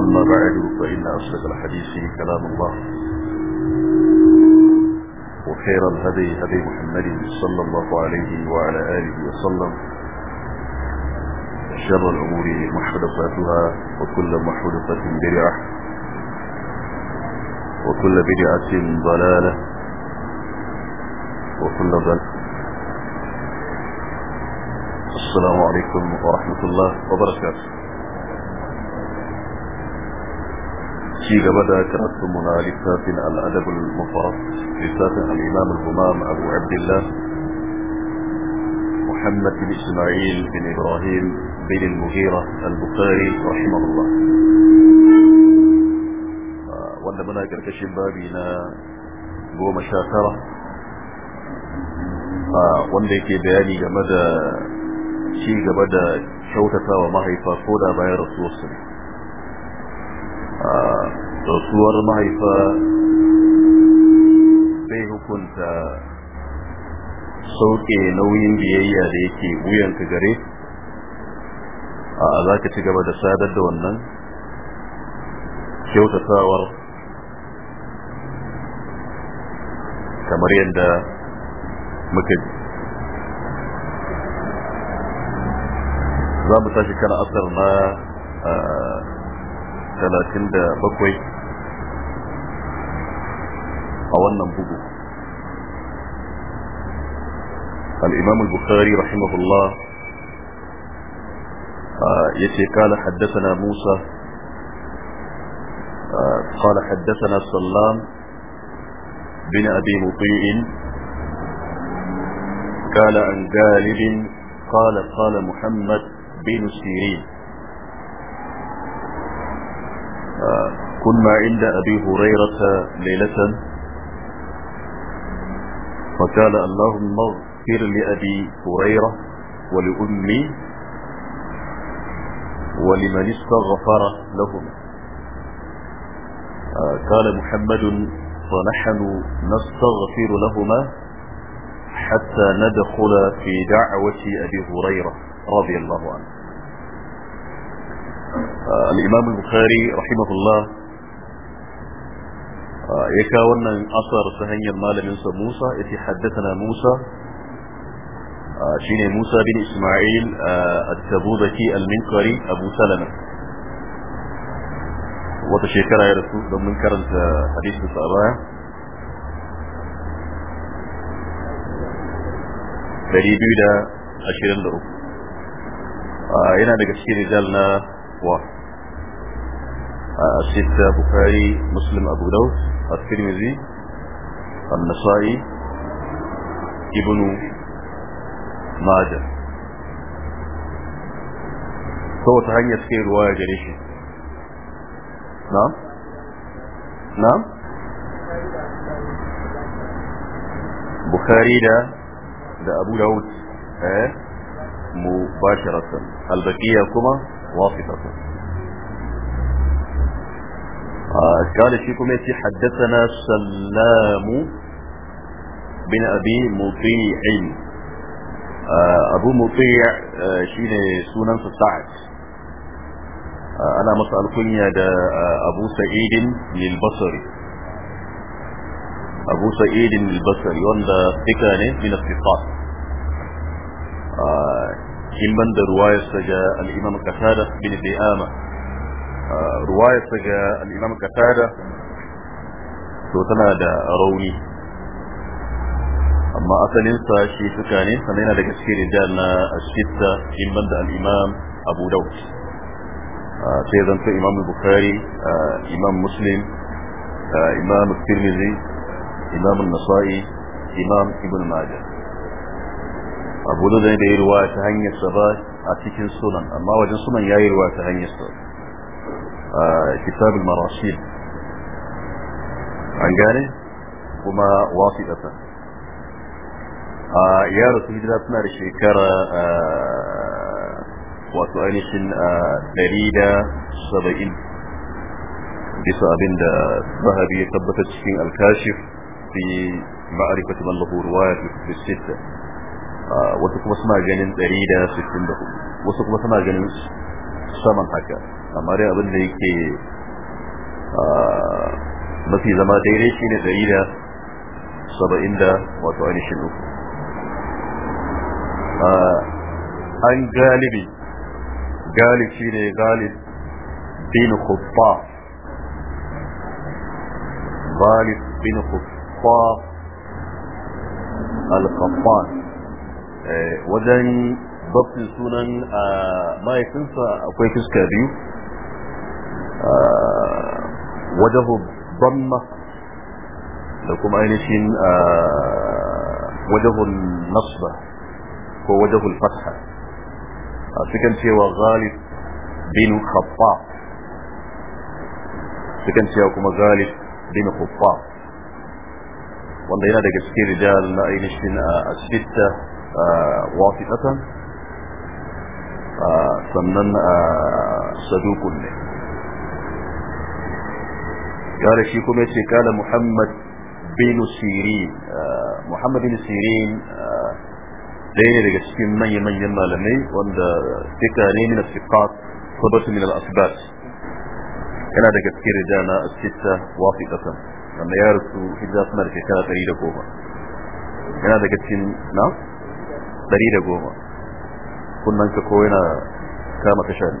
أما بعد فإن أصدق الحديث كلام الله وخير الهدي هدي محمد صلى الله عليه وعلى آله وسلم شر الأمور محدثاتها وكل محدثة بدعة وكل بدعة ضلالة وكل ضلالة السلام عليكم ورحمة الله وبركاته شيء قبل كرس منا لسات الأدب المفرط لسات الإمام الغمام أبو عبد الله محمد بن إسماعيل بن إبراهيم بن المغيرة البخاري رحمه الله آه، وانا منا كركش بابينا هو مشاكرة آه، وانا كي بياني جمدا شيء قبل كوتا وما هي فاقودا بين رسول الله rasuwar mahaifa bai hukunta sauke nauyin biyayya da yake wuyanka gare a za ka ci gaba da sadar da wannan kyautatawar kamar yadda muka ji za mu tashi kan asar na ah, talatin da bakwai a wannan bugu al-imam al-bukhari rahimahullah آه، yace kala haddathana musa قال حدثنا سلام بن أبي مطيع قال عن جالب قال قال محمد بن سيرين كنا عند أبي هريرة ليلة فقال اللهم اغفر لأبي هريرة ولأمي ولمن استغفر لهما آه، قال محمد فنحن نستغفر لهما حتى ندخل في دعوة أبي هريرة رضي الله عنه آه، الإمام البخاري رحمه الله ya kawo wannan asar ta hanyar malaminsa Musa ya ce haddatana Musa shine Musa bin Ismail at-Tabuzaki al-Minkari Abu Salama wata shekara ya rasu don mun karanta hadisin sa baya dari biyu da ashirin da uku yana daga cikin rijal na wa ستة بخاري مسلم أبو داود الترمذي النصائي ابن ماجه هو تهنيت في رواية جريشة نعم نعم بخاري ده ده أبو داود آه، مباشرة البقية كما واسطة آه، قال فيكم يتي إيه؟ حدثنا سلام بن أبي مطيع آه، أبو مطيع آه، شين سونان سعد أنا مسأل كنيا دا أبو سعيد للبصري أبو سعيد للبصري وندا ثقاني من الثقات كلمة رواية سجى الإمام قتادة بن ديامة ruwayar daga al-Imam Qatada to tana da rauni amma asalin sa shi suka ne sannan yana daga cikin rijal na ashitta in banda al-Imam Abu Dawud sai zanto Imam Bukhari Imam Muslim Imam Tirmidhi Imam Nasa'i Imam Ibn Majah Abu Dawud ne da ya ruwa ta hanyar sa ba a cikin sunan amma wajen sunan ya yi ruwa ta hanyar sa كتاب المراشيد عن جاني كما واثقة آه، يا رسول الله اتنا رشيكرا وتؤنس دليل سبعين بس أبن ذهبي ثبت في الكاشف في معرفة من له رواية في كتب الستة آه، وتقوم اسمها جنين ستين بهم وتقوم اسمها جنين سمن حكا amma dai abin da yake mafi zama daidai shi ne ɗari da saba'in da wato ainihin uku an galibi galib shi ne galib bin kubba galib bin kubba al eh, wajen babtin sunan a mahaifinsa akwai fuska biyu آه، وجه الضمة لكم أينشين آه، وجه النصبة هو وجه الفتحة آه، سكن شيء غالب بن خطاب سكن شيء كما غالب بن خطاب wanda yana daga رجال rijal na ainihin a sitta wasitatan sannan قال شي كما قال محمد بن سيرين محمد بن سيرين ɗaya ne daga cikin manya-manyan malamai wanda fika ne min asiqat sabatu min al-asbat yana daga cikin rijana as-sitta wafiqatan wanda ya rasu hijira suna da shekara ɗari da goma yana daga cikin na ɗari da goma kunnan ka ko yana kama kasha ne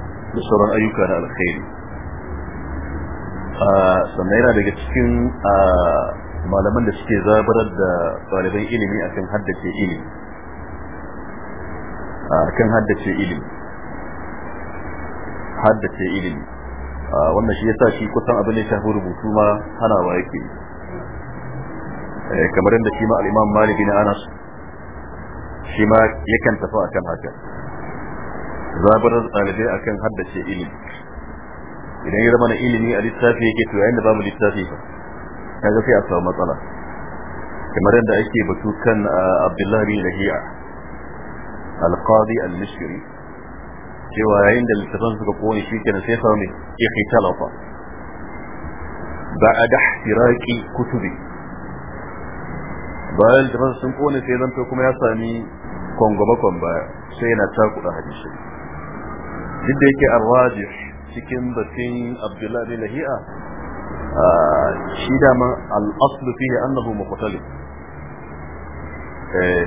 da sauran ayyuka da alkhairi ah, sannan yana daga cikin ah, malaman da suke zabarar da ɗaliban ilimi akan haddace ilimi ah, kan haddace ilimi haddace ilimi wannan shi ya sa shi kusan abin da shafi rubutu ma hana wa yake eh, kamar yadda shi ma al-Imam Malik Anas shi ma yakan tafi akan haka zabarar dalibai akan haddace ilimi idan ya zama na ilimi a littafi yake to yayin da bamu littafi ba kaga sai a samu matsala kamar yadda ake batu kan ah, Abdullahi bin Lahiya al-Qadi al-Mishri cewa yayin da littafan suka kone shi kenan sai ya samu ikhtalafa ba'da ihtiraqi kutubi bayan littafan sun kone sai zanto kuma ya sami kongoma kon baya sai yana takuda hadisi duk da yake arraji cikin batun abdullahi bin lahi'a shi dama al'aslu fihi annahu muqtalib eh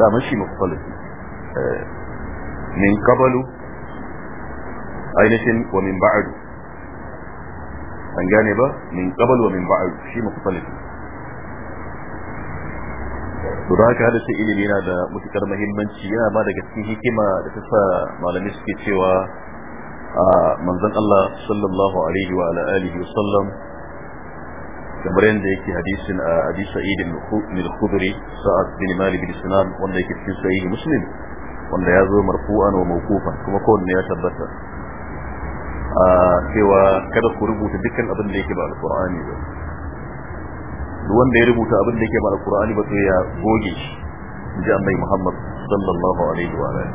dama shi muqtalib min qablu ainihin wa min ba'du an gane ba min qablu wa min ba'du shi muqtalib to da haka hada ilimi yana da mutukar muhimmanci yana ba daga cikin hikima da ta sa malamai suke cewa a manzon Allah sallallahu alaihi wa ala alihi sallam kamar yadda yake hadisin a Abi Sa'id al-Khudri Sa'ad bin Malik bin Sinan wanda yake cikin Sahih Muslim wanda ya zo marfu'an wa mawqufan kuma kowanne ya tabbata a cewa kada ku rubuta dukkan abin da yake ba alqur'ani ba wanda ya rubuta abin da yake ba alqur'ani ba sai ya goge shi inji annabi Muhammad sallallahu alaihi wa alihi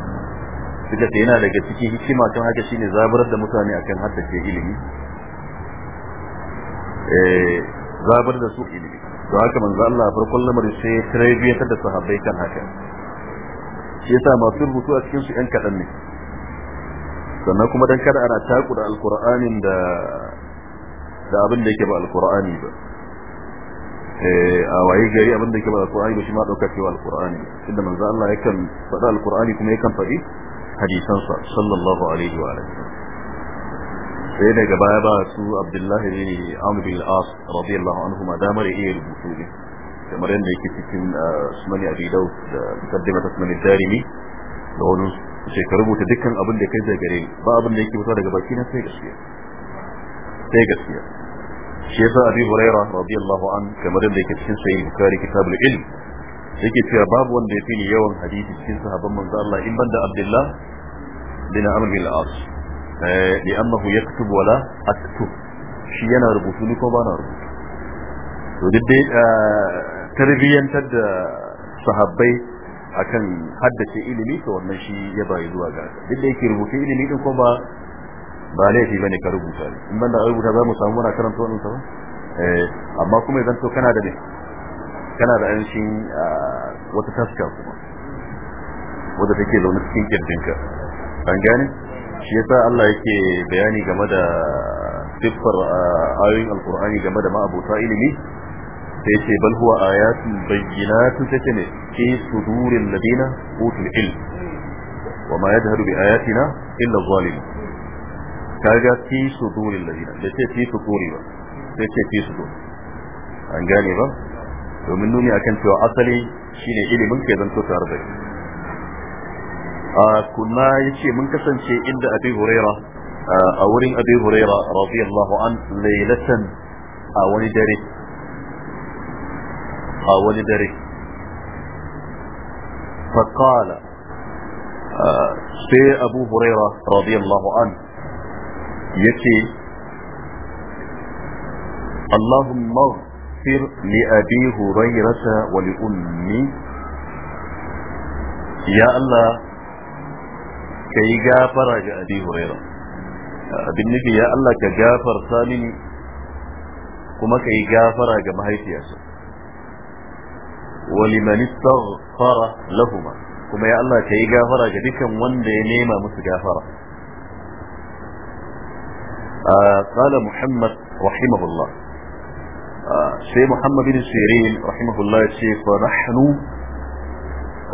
suka sai yana daga cikin hikima tun haka shine zaburar da mutane akan ke ilimi eh zabar da su ilimi to haka manzo Allah farkon lamarin sai tarbiyyar da sahabbai kan haka shi yasa masu rubutu a cikin su ɗan kaɗan ne sannan kuma dan kada ana takura alqur'anin da da abin da yake ba alqur'ani ba Eh, a waye gari abin da ke ba alqur'ani ba shi ma dauka cewa alqur'ani inda manzo Allah yakan faɗa alqur'ani kuma yakan faɗi hadisan sa sallallahu alaihi wa alihi sai daga baya ba su Abdullahi bin Amr bin al-As radiyallahu anhu ma da damar iya rubutu ne kamar yadda yake cikin ah, Sunan Abi Dawud da mukaddimata Sunan Darimi da wani sai ka rubuta dukkan abin da kai da gare ba abin da yake fita daga baki na sai gaskiya sai gaskiya shi yasa abi huraira radiyallahu an kamar da yake cikin sahih bukhari kitabul ilm yake cewa babu wanda ya fi ni yawan hadisi cikin sahabban manzo Allah in banda abdullah bin amr bin al-as eh, li'annahu yaktub wala aktub shi yana rubutu ni ko na rubutu to duk dai eh, da sahabbai akan haddace ilimi to wannan shi ya zuwa ilimi din ba laifi bane ka rubuta ne in banda rubuta za mu samu muna karanta wannan sabon eh amma kuma idan to kana da ne kana da ainihin ah, wata taska kuma wanda take zaune cikin kirjinka an gane shi yasa Allah yake bayani game da siffar ah, ayoyin alkur'ani game da ma'abuta ilimi sai ce bal huwa ayatun bayyinatun take ne fi suduril ladina utul ilm وما يجهر بآياتنا illa الظالمين kaga fi sudurin ladina da ce fi suduri ba sai ce fi sudur an gane ba domin nuni akan cewa asali shine ilimin kai zanto tare da a kuma yace mun kasance inda abi huraira a wurin abi huraira radiyallahu an laylatan a wani dare a wani dare فقال سي أبو هريرة رضي الله عنه yace اللهم اغفر لأبي هريرة ولأمي يا الله كي غافر أبي هريرة بالنبي يا الله كغافر ثاني كما كي غافر جمهيتي ياسر ولمن استغفر لهما كما يا الله كي غافر جديكم وان دي نيمة مس غافره آه، قال محمد رحمه الله آه، شيخ محمد بن سيرين رحمه الله الشيخ ونحن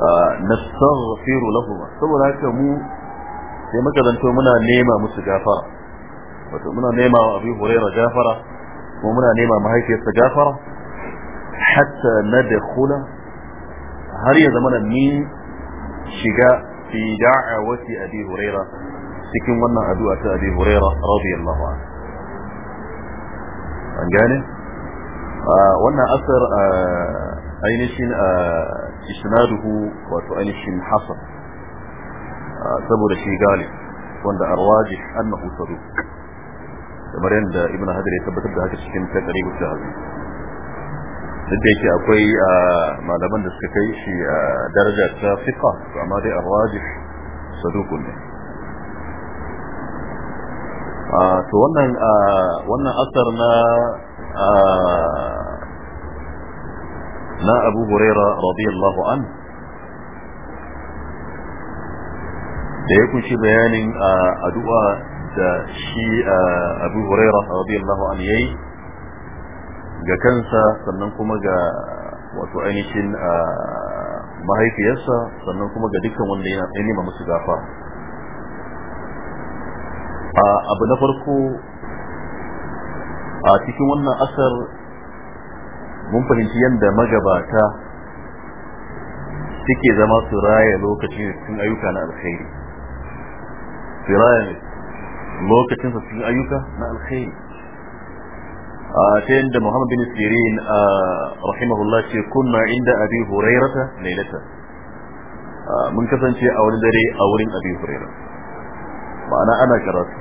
آه، نستغفر لهما سولا كمو كما كذا انتو منا نيمة مستجافرة وانتو منا نيمة أبي هريرة جافرة ومنا نيمة مهيك يستجافرة حتى ندخل هل يزمنا من شقاء في دعوة أبي هريرة cikin wannan addu'a ta Abi Hurairah radiyallahu anhu an gane wannan asar ainihin isnaduhu wato ainihin hasan saboda shi galib wanda arwaji annahu saduq kamar yadda ibnu hajar ya tabbatar da haka cikin taqribul jahaz duk da yake akwai malaman da suka kai shi daraja ta fiqa amma dai arwaji saduqun ne Ah, to wannan ah, wannan asar na ah, na Abu Huraira radiyallahu an da ya kunshi bayanin addu'a da shi Abu Huraira radiyallahu an yayi ga kansa sannan kuma ga wato ainihin mahaifiyarsa sannan kuma ga dukkan wanda yana ba musu gafa abu na farko a cikin wannan asar mun fahimci yadda magabata suke zama su raya lokacin cikin ayyuka na alkhairi su raya lokacin su cikin ayyuka na alkhairi a ta yadda muhammad bin sirin a rahimahullah ce kunna inda abi hurairata lailata mun kasance a wani dare a wurin abi hurairata ma'ana ana karatu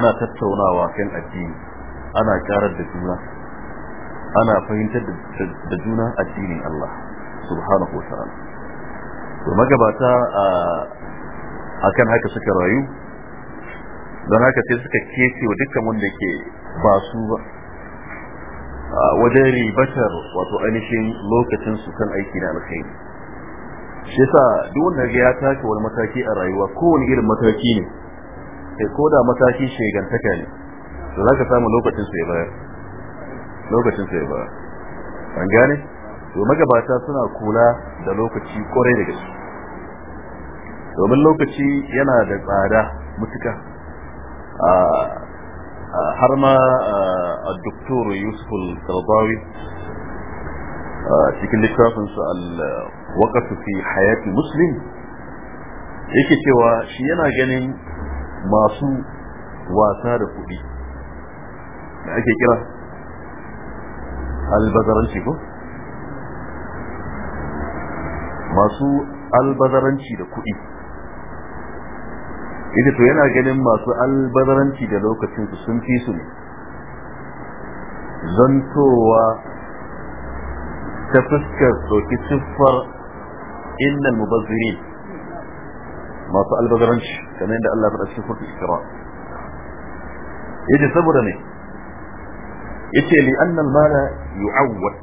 ana tattaunawa kan addini ana karar da juna ana fahimtar da juna addinin Allah subhanahu wa ta'ala to magabata akan haka suka rayu don haka sai suka kece wa dukkan wanda ke ba su ba wajen ribatar wato ainihin lokacin su kan aiki na alkhairi shi yasa duk wanda ga ya tashi wani mataki a rayuwa kowane irin mataki ne sai eh, ko da mataki shegantaka ne to zaka samu lokacin sai bayar lokacin sai bayar an gane to magabata suna kula da lokaci kwarai da gaske domin lokaci yana da tsada mutuka har ma a doktor yusuf al-qardawi cikin littafinsa al waqatu fi hayati muslim yake cewa shi yana ganin masu wasa da kuɗi da ake kira albazaranci ko masu albazaranci da kuɗi ita to yana ganin masu albazaranci da lokacinsu sun fi su ne zantowa ta fuskar ɗauki siffar innal mubazzirin masu albazaranci kamar yadda Allah faɗa cikin surtul Isra yace saboda ne yace li anna al mala yu'awwad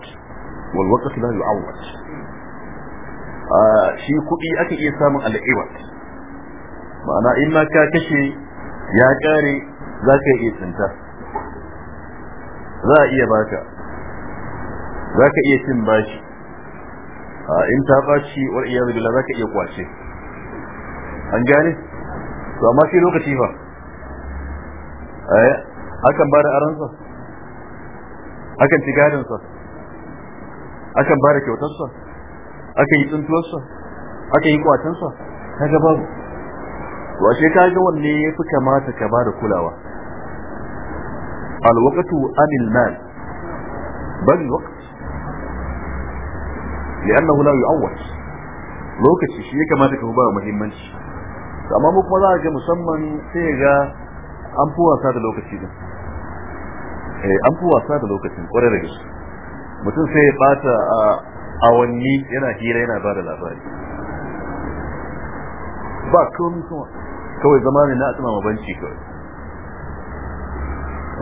wal waqt la yu'awwad shi kuɗi aka iya samun al'iwat ma'ana in ma ka kashe ya kare za ka iya tsinta za a iya baka za ka iya cin bashi in ta baci iya zubila za ka iya kwace an gane to amma sai lokaci ba. Eh, akan akan da aransa akan ci gadinsa akan ba da kyautarsa akan yi tsuntuwarsa akan yi kwatan sa kaga babu to ashe ga wanne fi kamata ka bada kulawa Alwakatu waqtu anil mal bal waqt li'annahu la yu'awwal lokaci shi ya kamata ka ba muhimmanci amma mu kuma za a ga musamman sai ga an fi wasa da lokaci din an fi wasa da lokacin kwarai da gaske mutum sai ya bata a awanni yana hira yana ba da labari ba komi kuma kawai zama ne na a asma mabanci kawai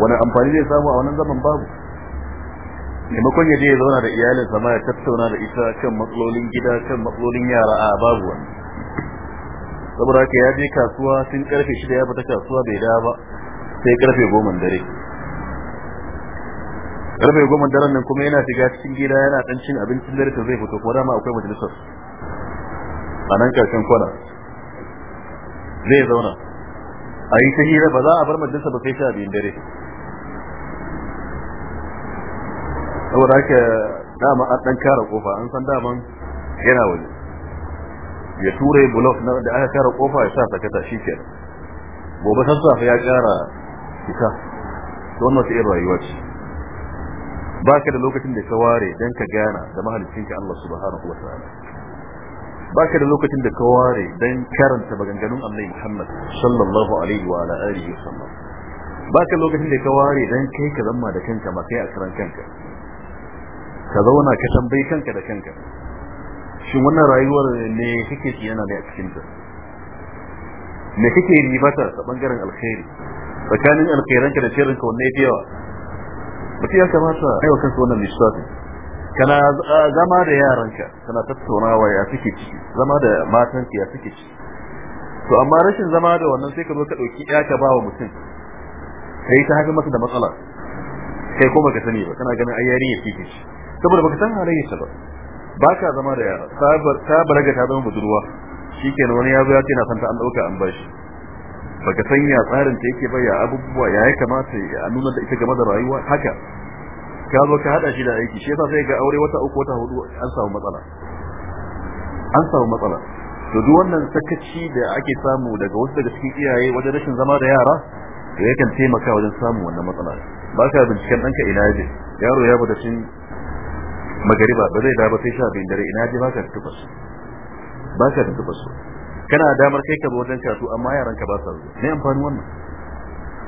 wani amfani zai samu a wannan zaman babu maimakon ya je ya zauna da iyalinsa ma ya tattauna da ita kan matsalolin gida kan matsalolin yara a babu wani saboda haka ya je kasuwa sun karfe shida ya fita kasuwa bai dawo ba sai karfe goma dare karfe goma daren nan kuma yana shiga cikin gida yana dan cin abincin dare to zai fito kuma dama akwai majalisar a nan karshen kwana zai zauna a yi ta hira ba za a bar majalisa ba sai sha biyun dare saboda haka dama an dan kare kofa an san daman yana waje ya ture block na da aka kare kofa ya sa sakata shikenan gobe sassafe ya kara fita to wannan ta rayuwa ce ba ka da lokacin da ka ware don ka gana da mahalicinka Allah subhanahu wa ta'ala ba ka da lokacin da ka ware don karanta maganganun Allah Muhammad sallallahu alaihi wa ala alihi wa sallam ba ka lokacin da ka ware don kai ka zama da kanka ma kai a karan kanka ka zauna ka tambayi kanka da kanka shin wannan rayuwar ne kake ci ne a cikin ta me kake yi ribata ta bangaren alkhairi tsakanin alkhairanka da ka wanne ya yawa mutum ya kamata a yi wa kansa wannan lissafin kana zama da yaranka kana tattaunawa ya suke ciki zama da matanka ya suke ciki to amma rashin zama da wannan sai ka zo ka ɗauki ya ka ba wa mutum ka yi ta haka masa da matsala kai kuma ka sani ba kana ganin ayyari ya ce ce saboda baka san halayyarsa ba baka zama da yara ta balaga ta zama budurwa shikenan wani ya zo ya ce na santa an dauka an bashi baka san ya tsarin ta yake bayya abubuwa ya yi kamata a nuna da ita game da rayuwa haka ka zo ka hada shi da aiki shi yasa sai ga aure wata uku wata hudu an samu matsala an samu matsala to duk wannan sakaci da ake samu daga wasu daga cikin iyaye wajen rashin zama da yara da yakan taimaka wajen samun wannan matsala ba ka binciken ɗanka ina yaje yaro ya bada cin magariba ba zai dawo sai sha biyun dare ina ji baka tuba su baka tuba su kana da damar kai ka bi wajen karatu amma yaran ka ba sa zuwa ne amfanin wannan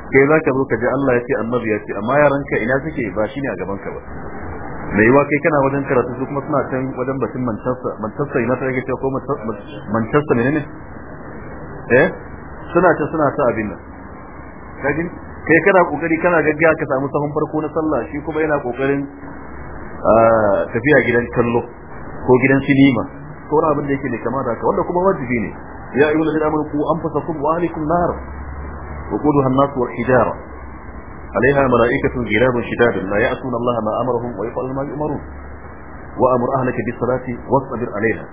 kai zaka zo ka ji Allah ya ce annabi ya ce amma yaran ka ina suke ba shine a gaban ka ba mai yiwa kai kana wajen karatu su kuma suna can wajen batun manchester manchester ina ta yake cewa ko manchester menene eh suna ta suna ta abin nan kai kana kokari kana gaggawa ka samu sahun farko na sallah shi kuma yana kokarin tafiya gidan kallo ko gidan sinima ko wani abin da yake ne kama da haka wanda kuma wajibi ne ya ayyuhal ladina amanu qu anfusakum wa ahlikum nar wa quduha an-nas wal hijara عليها ملائكة غراب شداد لا يعصون الله ما أمرهم ويفعلون ما يؤمرون وأمر أهلك بالصلاة واصبر عليها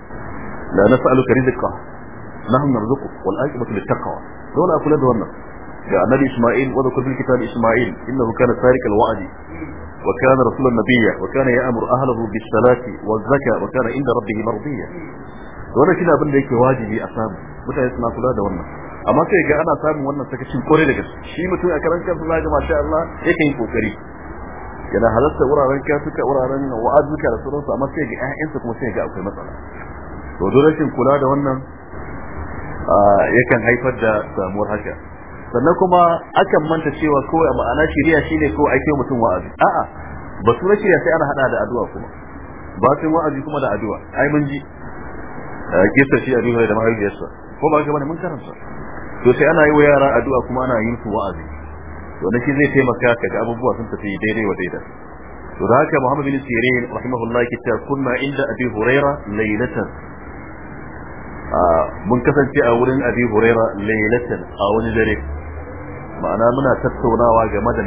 لا نسألك رزقا نحن نرزقك والآية للتقوى دون أكل دون ga annabi Isma'il wa dhakar bil kitab Isma'il innahu kana sarik al wa'di wa kana rasulan nabiyya wa kana ya'muru ahlihi bis salati waz zakah wa kana inda rabbih mardiyya wannan shi abin da yake wajibi a samu mutane suna kula da wannan amma sai ga ana samun wannan saka sakacin kore da gaske shi mutum a karan kansa zaka masha Allah yake yin kokari yana halarta wuraren kasuka wuraren wa'azuka da sauransu amma sai ga ƴaƴansa kuma sai ga akwai matsala to rashin kula da wannan ah, yakan haifar da samuwar haka sannan kuma akan manta cewa kawai a ma'ana shiriya ne ko ake mutum wa'azi a'a ba su shiriya sai ana hada da addu'a kuma ba sai wa'azi kuma da addu'a ai mun ji kisa shi addu'a da mahaifiyarsa ko ba ga bane mun karanta to sai ana yi wa yara addu'a kuma ana yin su wa'azi to na shi zai taimaka ka ga abubuwa sun tafi daidai wa daidai to da haka Muhammad bin Sirin rahimahullah ke cewa kunna inda Abi Huraira laylatan mun kasance a wurin Abi Huraira laylatan a wani dare ma'ana muna tattaunawa game da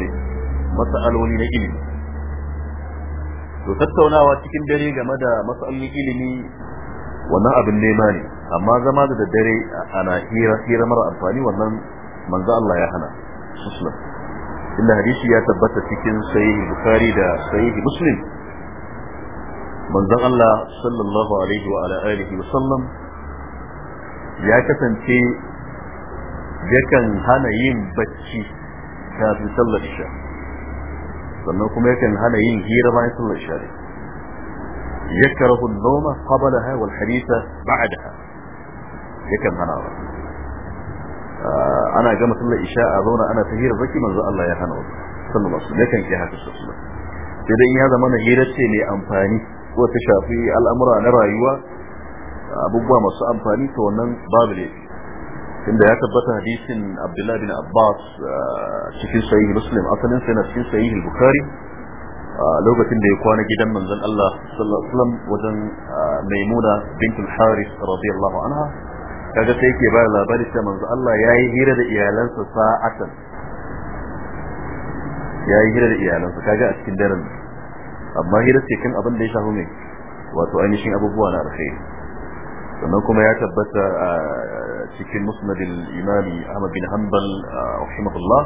matsaloli na ilimi to tattaunawa cikin dare game da matsalolin ilimi wannan abin nema ne amma zama da daddare ana hira hira mara amfani wannan manzo Allah ya hana muslim inda hadisi ya tabbata cikin sahih bukhari da sahih muslim manzon Allah sallallahu alaihi wa alihi wa sallam ya kasance yakan hana yin bacci kafin sallar isha sannan kuma yakan hana yin hira bayan sallar isha ne yakrahu an-nawma qablaha wal haditha ba'daha yakan hana ba ah, ana gama sallar isha a zauna ana ta hira zaki manzo Allah ya hana wasu sallallahu alaihi wasallam yakan ki haka sosai sai dai ya zama na hira ce mai amfani ko ta shafi al'amura na rayuwa abubuwa masu amfani to wannan babu laifi inda ya tabbata hadisin Abdullahi bin Abbas uh, cikin sahih Muslim asalin sai na cikin sahih Bukhari uh, lokacin da ya kwana gidan manzon Allah sallallahu alaihi wasallam wajen uh, Maimuna bintul Harith radiyallahu anha kaga sai yake bayar labari sai manzo Allah yayi hira da iyalansa sa'atan yayi hira da iyalansa kaga a cikin daren amma hira ce kan abin da ya shafi mai wato ainihin abubuwa na alkhairi sannan kuma ya tabbata a cikin musnadin imami Ahmad bin Hanbal rahimahullah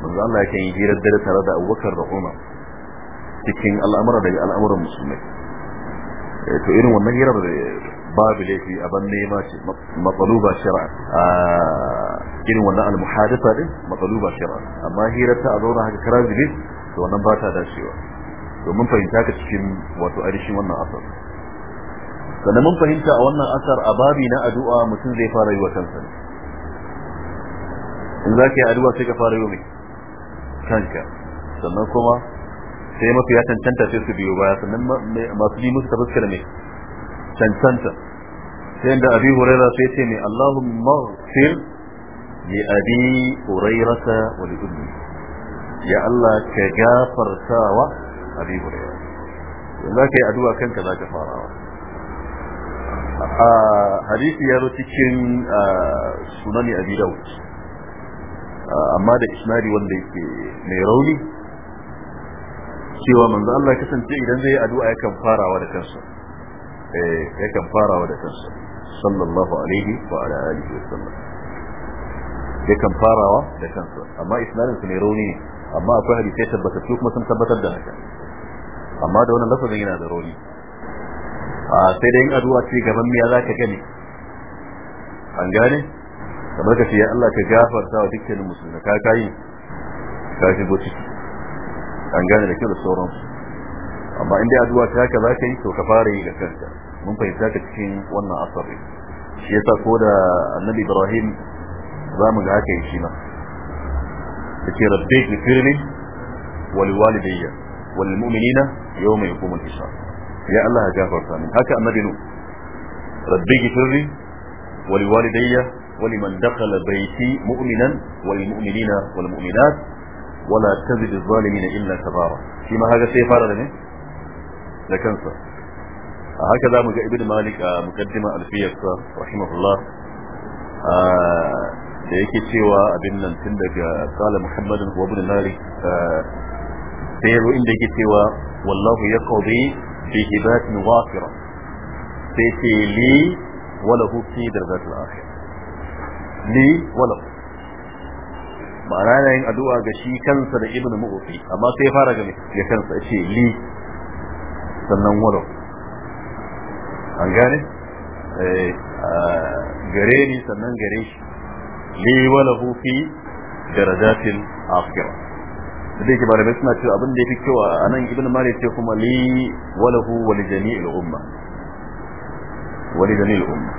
manzo Allah yake yi hirar dare tare da Abubakar da Umar cikin al'amura da al'amuran musulmai eh, to irin wannan hirar eh, babu laifi abin nema ce matsaluba shari'a a irin wannan al-muhadatha din matsaluba shari'a amma hirar ta a zauna haka kara zibi to wannan ba ta dacewa domin fahimta ka cikin wato arishin wannan asali sannan mun fahimta a wannan asar a babi na addu'a mutum zai fara yi wa kansa in za ka yi addu'a sai ka fara yi kanka sannan kuma sai mafi ya cancanta sai su biyo baya sannan masu bi musu tabbas da mai cancanta sai da abi huraira sai ce mai allahumma fir li abi hurairata wa li ummi ya allah ka gafartawa abi huraira in za ka yi addu'a kanka za ka fara wa. hadisi ya zo cikin sunani a bidau amma da ismari wanda yake mai rauni cewa manzo Allah kasance idan zai addu'a yakan farawa da kansa eh yakan farawa da kansa sallallahu alaihi wa ala alihi wa sallam yakan farawa da kansa amma isnadin su mai rauni amma akwai hadisi tabbatattu kuma sun tabbatar da haka amma da wannan lafazin yana da rauni A sai dai in addu'a ce gaban miya za ka gani an gane kamar ka ce ya Allah ka gafarta wa dukkanin musulmi ka kayi ka shigo ciki an gane da kyau da sauransu amma in dai addu'a ta haka za ka yi to ka fara yi da kanka mun fahimta ka cikin wannan asari shi yasa ko da annabi ibrahim za mu ga haka yi shi ma yace rabbi firni wal walidayya wal mu'minina yawma yaqumul hisab يا الله جافر ثاني هكا مدنو ربي جفري ولوالدي ولمن دخل بيتي مؤمنا والمؤمنين والمؤمنات ولا تزد الظالمين الا كبارا فيما هذا الشيء فارغ لنا لكن هكذا ابن مالك آه، مقدمه الفيه رحمه الله da yake cewa abin nan tun daga kala muhammadin wa abin nari da yaro fi sai li wala hu fi darajatul akhir li wala ma'ana yin addu'a ga shi kansa da ibnu mu'fi amma sai fara ga kansa ce li sannan wala an eh, gare ni sannan gare shi li fi darajatil da yake malamai suna cewa abin da yafi kyau a nan ibnu malik ce kuma li walahu wa li jami'il umma wa li jami'il umma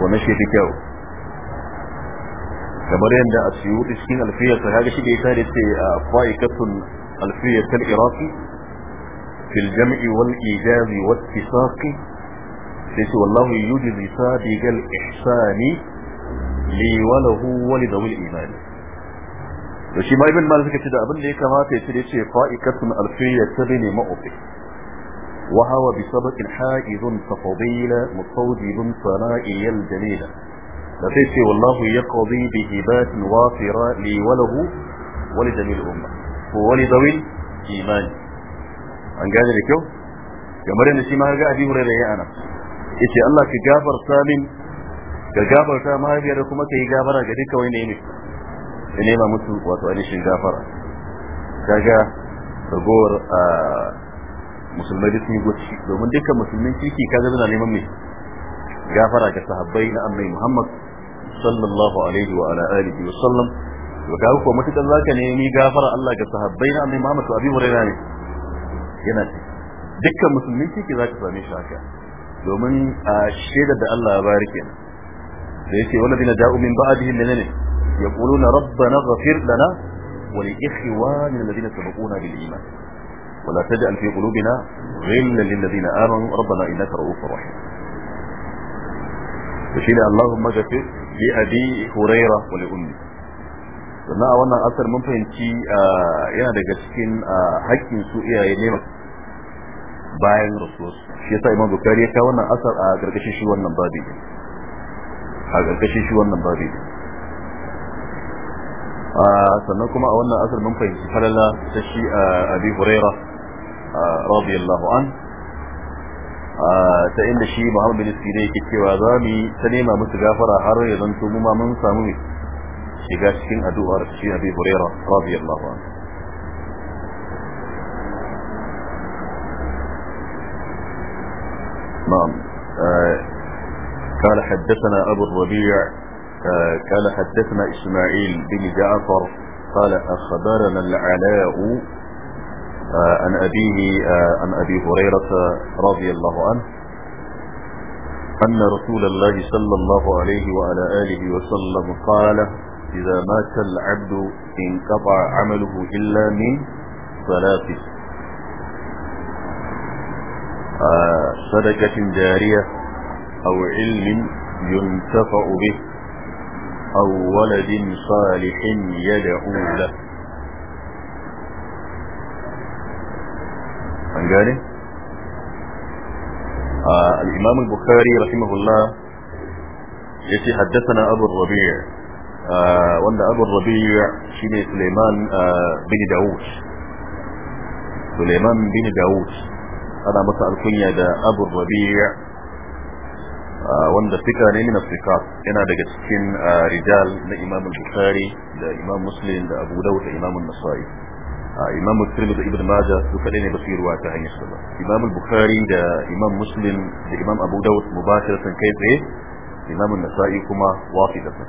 wannan shi fi kyau kamar yadda a ciyu cikin alfiyar ta kaga shi da yasa da ce a fa'ikatun alfiyar ta iraqi fil jam'i wal ijazi wat tisaqi sai ce wallahu yujzi sadiqal ihsani li walahu wa li dawil imani to shi ma ibn malik suka ce da abin da ya kamata ya ce ce fa'ikatun alfiya tabini ma'ufi wa hawa bi sabaqin ha'izun tafadila mutawjibun sana'iyal jamila da sai ce wallahu yaqdi bi hibatin wafira li wa lahu wa li jamil umma ko wa li dawil iman an gane da kyau kamar yadda shi ma ga abi hurairah ya ana yace Allah ka gafarta min ka gafarta mahaifiyar kuma ka yi gafara ga duka wani ne ya nema musu wato ainihin gafara kaga ragowar musulmai da sun yi gwaci domin dukkan musulmin kirki kaga suna neman mai gafara ga sahabbai na annai muhammad sallallahu alaihi wa ala alihi wa sallam to ga ko mutukan zaka ne ni gafara Allah ga sahabbai na annai muhammad to abi hurairah ne yana dukkan musulmin kirki zaka same shi haka domin a shaidar da Allah ya bayar kenan da yake wala dina ja'u min ba'dihim menene يقولون ربنا اغفر لنا ولإخوان الذين سبقونا بالإيمان ولا تجعل في قلوبنا غل للذين آمنوا ربنا إنك رؤوف رحيم وشيل اللهم اغفر لأبي هريرة ولأمي سنة وانا أثر من فهم شيء آه، يعني جسكين آه، حكم سوء يعني نعم باين رسول شيء سا إمام بكاري كوانا أثر أغرقشي آه، شوان نمبادي أغرقشي شوان نمبادي sannan kuma a wannan asar mun fahimci falala ta shi abi Hurairah radiyallahu an ta inda shi muhammad bin sire yake cewa za mu yi ta nema musu gafara har ya zanto mu ma mun samu shiga cikin addu'ar shi abi Hurairah radiyallahu an نعم قال حدثنا أبو الربيع آه، قال حدثنا إسماعيل بن جعفر قال أخبرنا العلاء آه، عن أبيه آه، عن أبي هريرة رضي الله عنه أن رسول الله صلى الله عليه وعلى آله وسلم قال إذا مات العبد انقطع عمله إلا من ثلاث صدقة جارية أو علم ينتفع به أو ولد صالح يدعو له فنجاني آه الإمام البخاري رحمه الله يتي حدثنا أبو الربيع آه وأن أبو الربيع شيني سليمان آه بن داوود سليمان بن داوود أنا مثلا الكنية ده دا أبو الربيع wanda fika ne min afirka yana daga cikin rijal na imam bukhari da imam muslim da abu dawud da imam nasai imam da ibn maja duka ne ba su ruwa ta hanyar sa imam bukhari da imam muslim da imam abu dawud mubashiratan kai tsaye imam nasai kuma wafidatan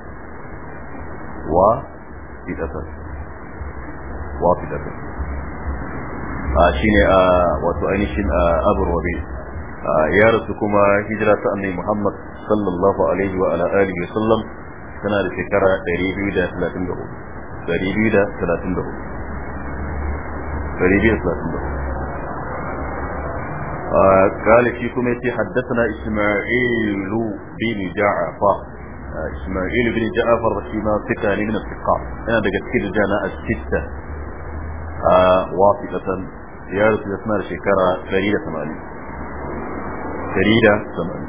wa idatan wafidatan shine wato ainihin abu rabi ya rasu kuma hijira ta annabi Muhammad sallallahu alaihi wa ala alihi sallam tana da shekara 234 234 234 قال فيكم حدثنا إسماعيل بن جعفر إسماعيل بن جعفر فيما ثقة من الثقة أنا بقتل جانا الستة واثقة يارس يسمى شكرا فريدة ثمانية jarida zaman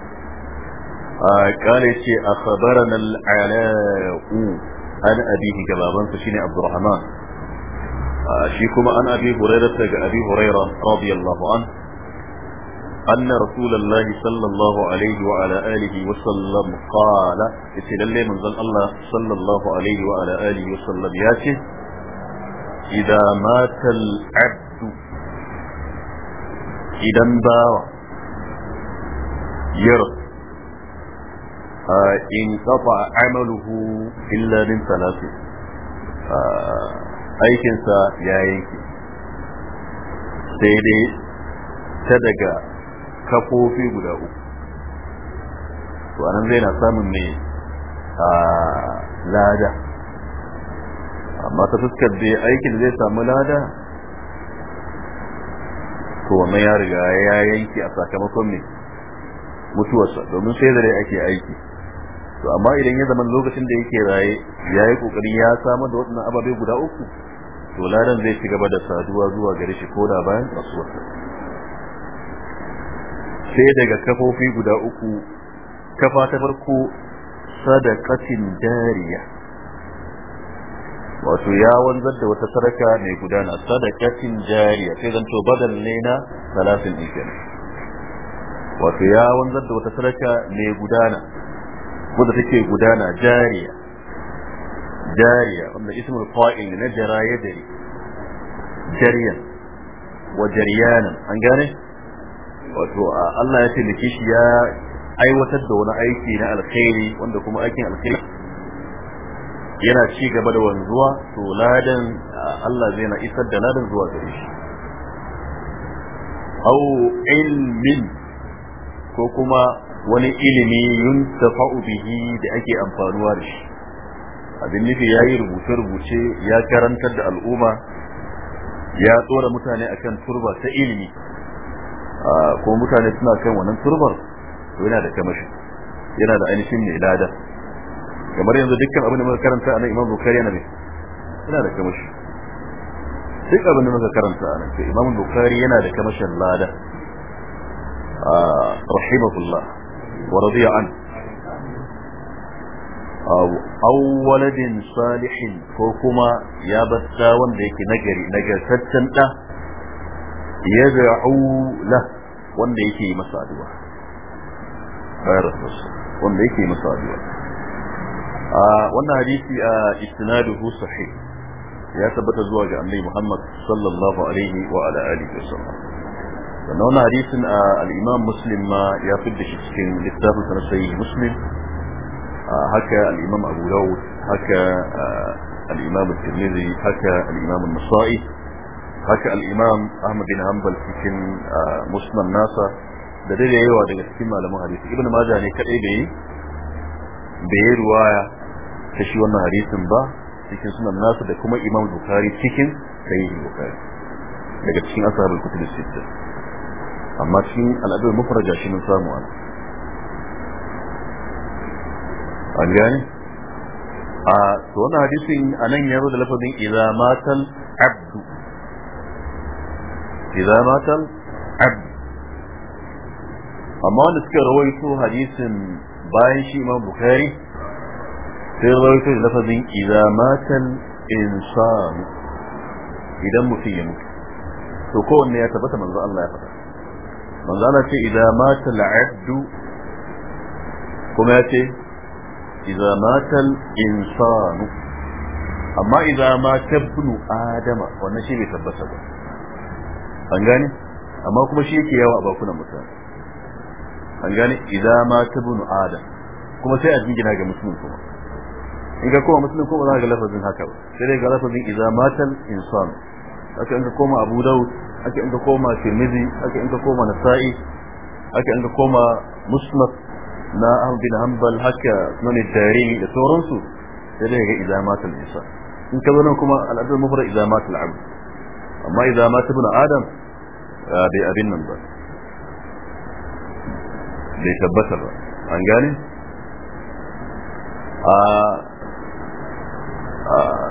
kale ce a sabaran al'ala'u an abihi ga babansa shine abdurrahman shi kuma an abi ga daga abi hurairah radiyallahu an أن رسول الله صلى الله عليه وعلى آله وسلم قال إتلالي من ذن الله صلى الله عليه وعلى آله وسلم ياتي إذا مات العبد bawa Yar in kafa amaluhu illa min salatu aikinsa ya yanki sai dai ta daga kafofi guda uku to zai na samun ne a lada amma ta fuskar da aikin zai samu lada to wannan ya riga ya yanki a sakamakon ne mutuwarsa domin sai da rai ake aiki to amma idan ya zama lokacin da yake raye ya yi kokari ya samar da waɗannan ababe guda uku to ladan zai ci gaba da saduwa zuwa gare shi ko da bayan rasuwa sai daga kafofi guda uku kafa ta farko sadaqatin dariya wato ya wanzar da wata saraka mai gudana sadaqatin jariya sai to badal ne na salatin ikana wato ya wanzar da wata sadaka mai gudana wanda take gudana jariya jariya wanda ismul fa'il na jara ya dari jariyan wa jariyanan an gane wato Allah ya ce da kishi ya aiwatar da wani aiki na alkhairi wanda kuma aikin alkhairi yana ci gaba da wanzuwa to ladan Allah zai na isar da ladan zuwa gare shi au ilmin ko kuma wani ilimi yuntafa'u bihi da ake amfanuwa da shi abin nufi ya yi rubuce-rubuce ya karantar da al'umma ya tsora mutane a kan turba ta ilimi ko mutane suna kan wannan turbar to yana da kamashi yana da ainihin mai lada kamar yanzu dukkan abin da muka karanta a nan imam bukari yana ne yana da kamashi duk abin da muka karanta anan to imam bukari yana da kamashin lada rahimahullah wa radiya an aw waladin salihin ko kuma ya batta wanda yake nagari nagartaccen da yad'u la wanda yake masa addu'a bayar wanda yake masa addu'a wannan hadisi a isnaduhu sahih ya tabbata zuwa ga annabi Muhammad sallallahu alaihi wa wannan wani hadisin a al'imam muslim ma ya fidda shi cikin littafin sa na sayi muslim haka al'imam abu dawud haka al'imam tirmidhi haka al'imam nasa'i haka al'imam ahmad bin hanbal cikin musnad nasa da dai yawa daga cikin malaman hadisi ibn majah ne kadai da bai bai ruwaya ta shi wannan hadisin ba cikin sunan nasa da kuma imam bukhari cikin sayi bukhari daga cikin asarar kutubus sittah amma shi al'adar mafaraja shi mun samu ana an gane a tsohon wannan hadisin a nan yaro da lafazin idza matal abdu idza matal abdu amma wanda suka rawaito hadisin bayan shi imam bukhari sai rawaito da lafazin idza matal insan idan mutum ya mutu to kowanne ya tabbata manzo Allah ya faɗa manzo Allah ce idan mata al'abdu kuma ya ce idan mata insanu amma idan mata ibnu adama wannan shi bai tabbata ba an gane amma kuma shi yake yawa a bakunan mutane an gane idan mata ibnu adam kuma sai a jingina ga musulun kuma in ga kuma musulun kuma za ga lafazin haka ba sai dai ga lafazin idan mata insanu haka in ka koma abu daud ake in koma tirmidhi ake in koma nasa'i ake in ka koma musnad na ahmad bin hanbal haka ne tarihi da sauransu sai dai ga izamatul insan in ka zo nan kuma al'adul mufrad izamatul abd amma izamatul ibn adam ah, bai abin nan ba bai tabbata ba an gane a ah, ah,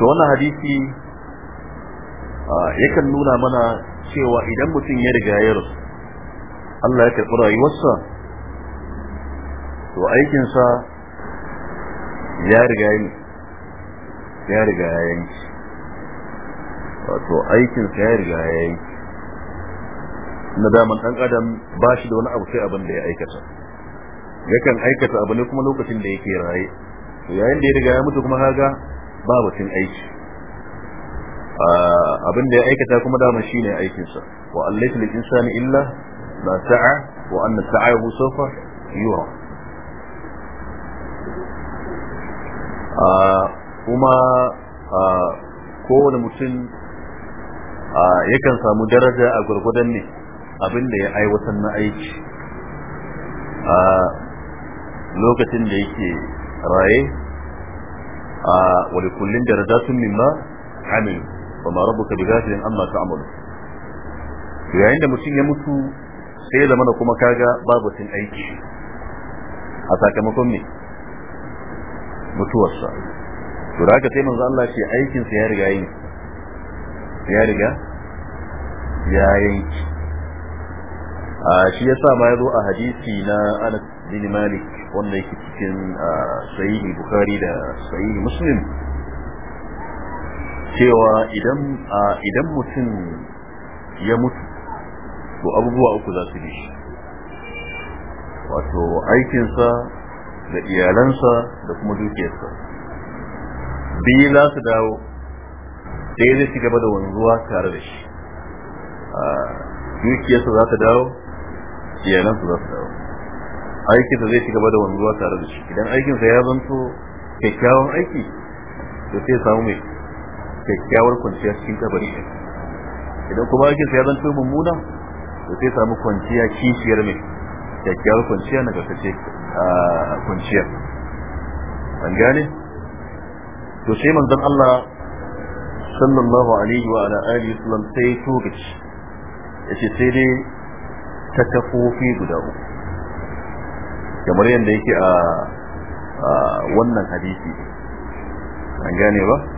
to wannan hadisi Ah, yakan nuna mana cewa idan mutum ya riga ya rasu Allah ya karɓi rayuwarsa to aikinsa ya riga yi ya riga ya yanki wato aikinsa ya riga ya yanki na daman ɗan adam ba shi da wani abu sai abin da ya aikata yakan aikata abu ne kuma lokacin da yake raye to yayin da ya riga ya mutu kuma kaga ba batun aiki abinda ya aikata kuma dama shine aikin sa wa allaysa lil insani illa ma sa'a wa anna sa'ahu sawfa yura kuma kowane mutum yakan samu daraja a gurgudan ne abin ya aiwatar na aiki lokacin da yake raye a wani kullum da radatun nima hamilu wa ربك بغافل bighafilin amma يا عند متين mutum ya mutu sai da mana kuma kaga babu tin aiki a sakamakon me mutuwarsa to da sai manzo Allah shi aikin sa ya riga yin ya riga ya yi. a shi yasa ma yazo a hadisi na Anas bin Malik wanda yake cikin sahihi Bukhari da sahihi Muslim cewa idan mutum ya mutu to abubuwa uku za su shi wato aikinsa da iyalansa da kuma dukiyarsa biyu za su dawo ɗaya zai ci gaba da wanzuwa tare da shi dukiyarsa za ta dawo iyalansa za su dawo aikinsa zai ci gaba da wanzuwa tare da shi idan aikinsa ya zanto kyakkyawan aiki to sai samu mai kyakkyawar kwanciya cikin kabari idan kuma aikin sa ya zanto mummuna to sai samu kwanciya kishiyar mai kyakkyawar kwanciya na gaskace kwanciya an gane to sai manzon Allah sallallahu alaihi wa ala alihi wasallam sai tobici yace sai dai ta tafofi guda uku kamar yadda yake a wannan hadisi an gane ba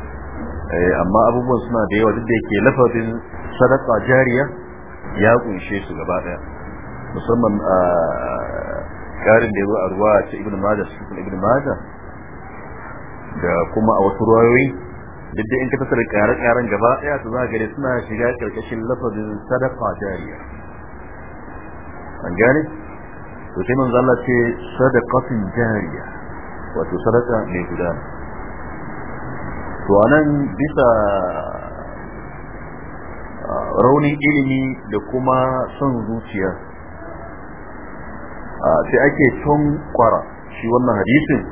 Eh, amma abubuwan suna da yawa duk da yake lafazin sadaqa jariya ya kunshe su gaba daya musamman a karin da ya a ruwa ta ibn majah cikin ibn majah da kuma a wasu ruwayoyi duk da in ka tsara kare-karen gaba daya to za gare suna shiga karkashin lafazin sadaqa jariya an gane to sai manzo Allah ce sadaqatin jariya wato sadaqa mai gudana to anan bisa raunin ilimi da kuma son zuciya sai ake tun kwara shi wannan hadisin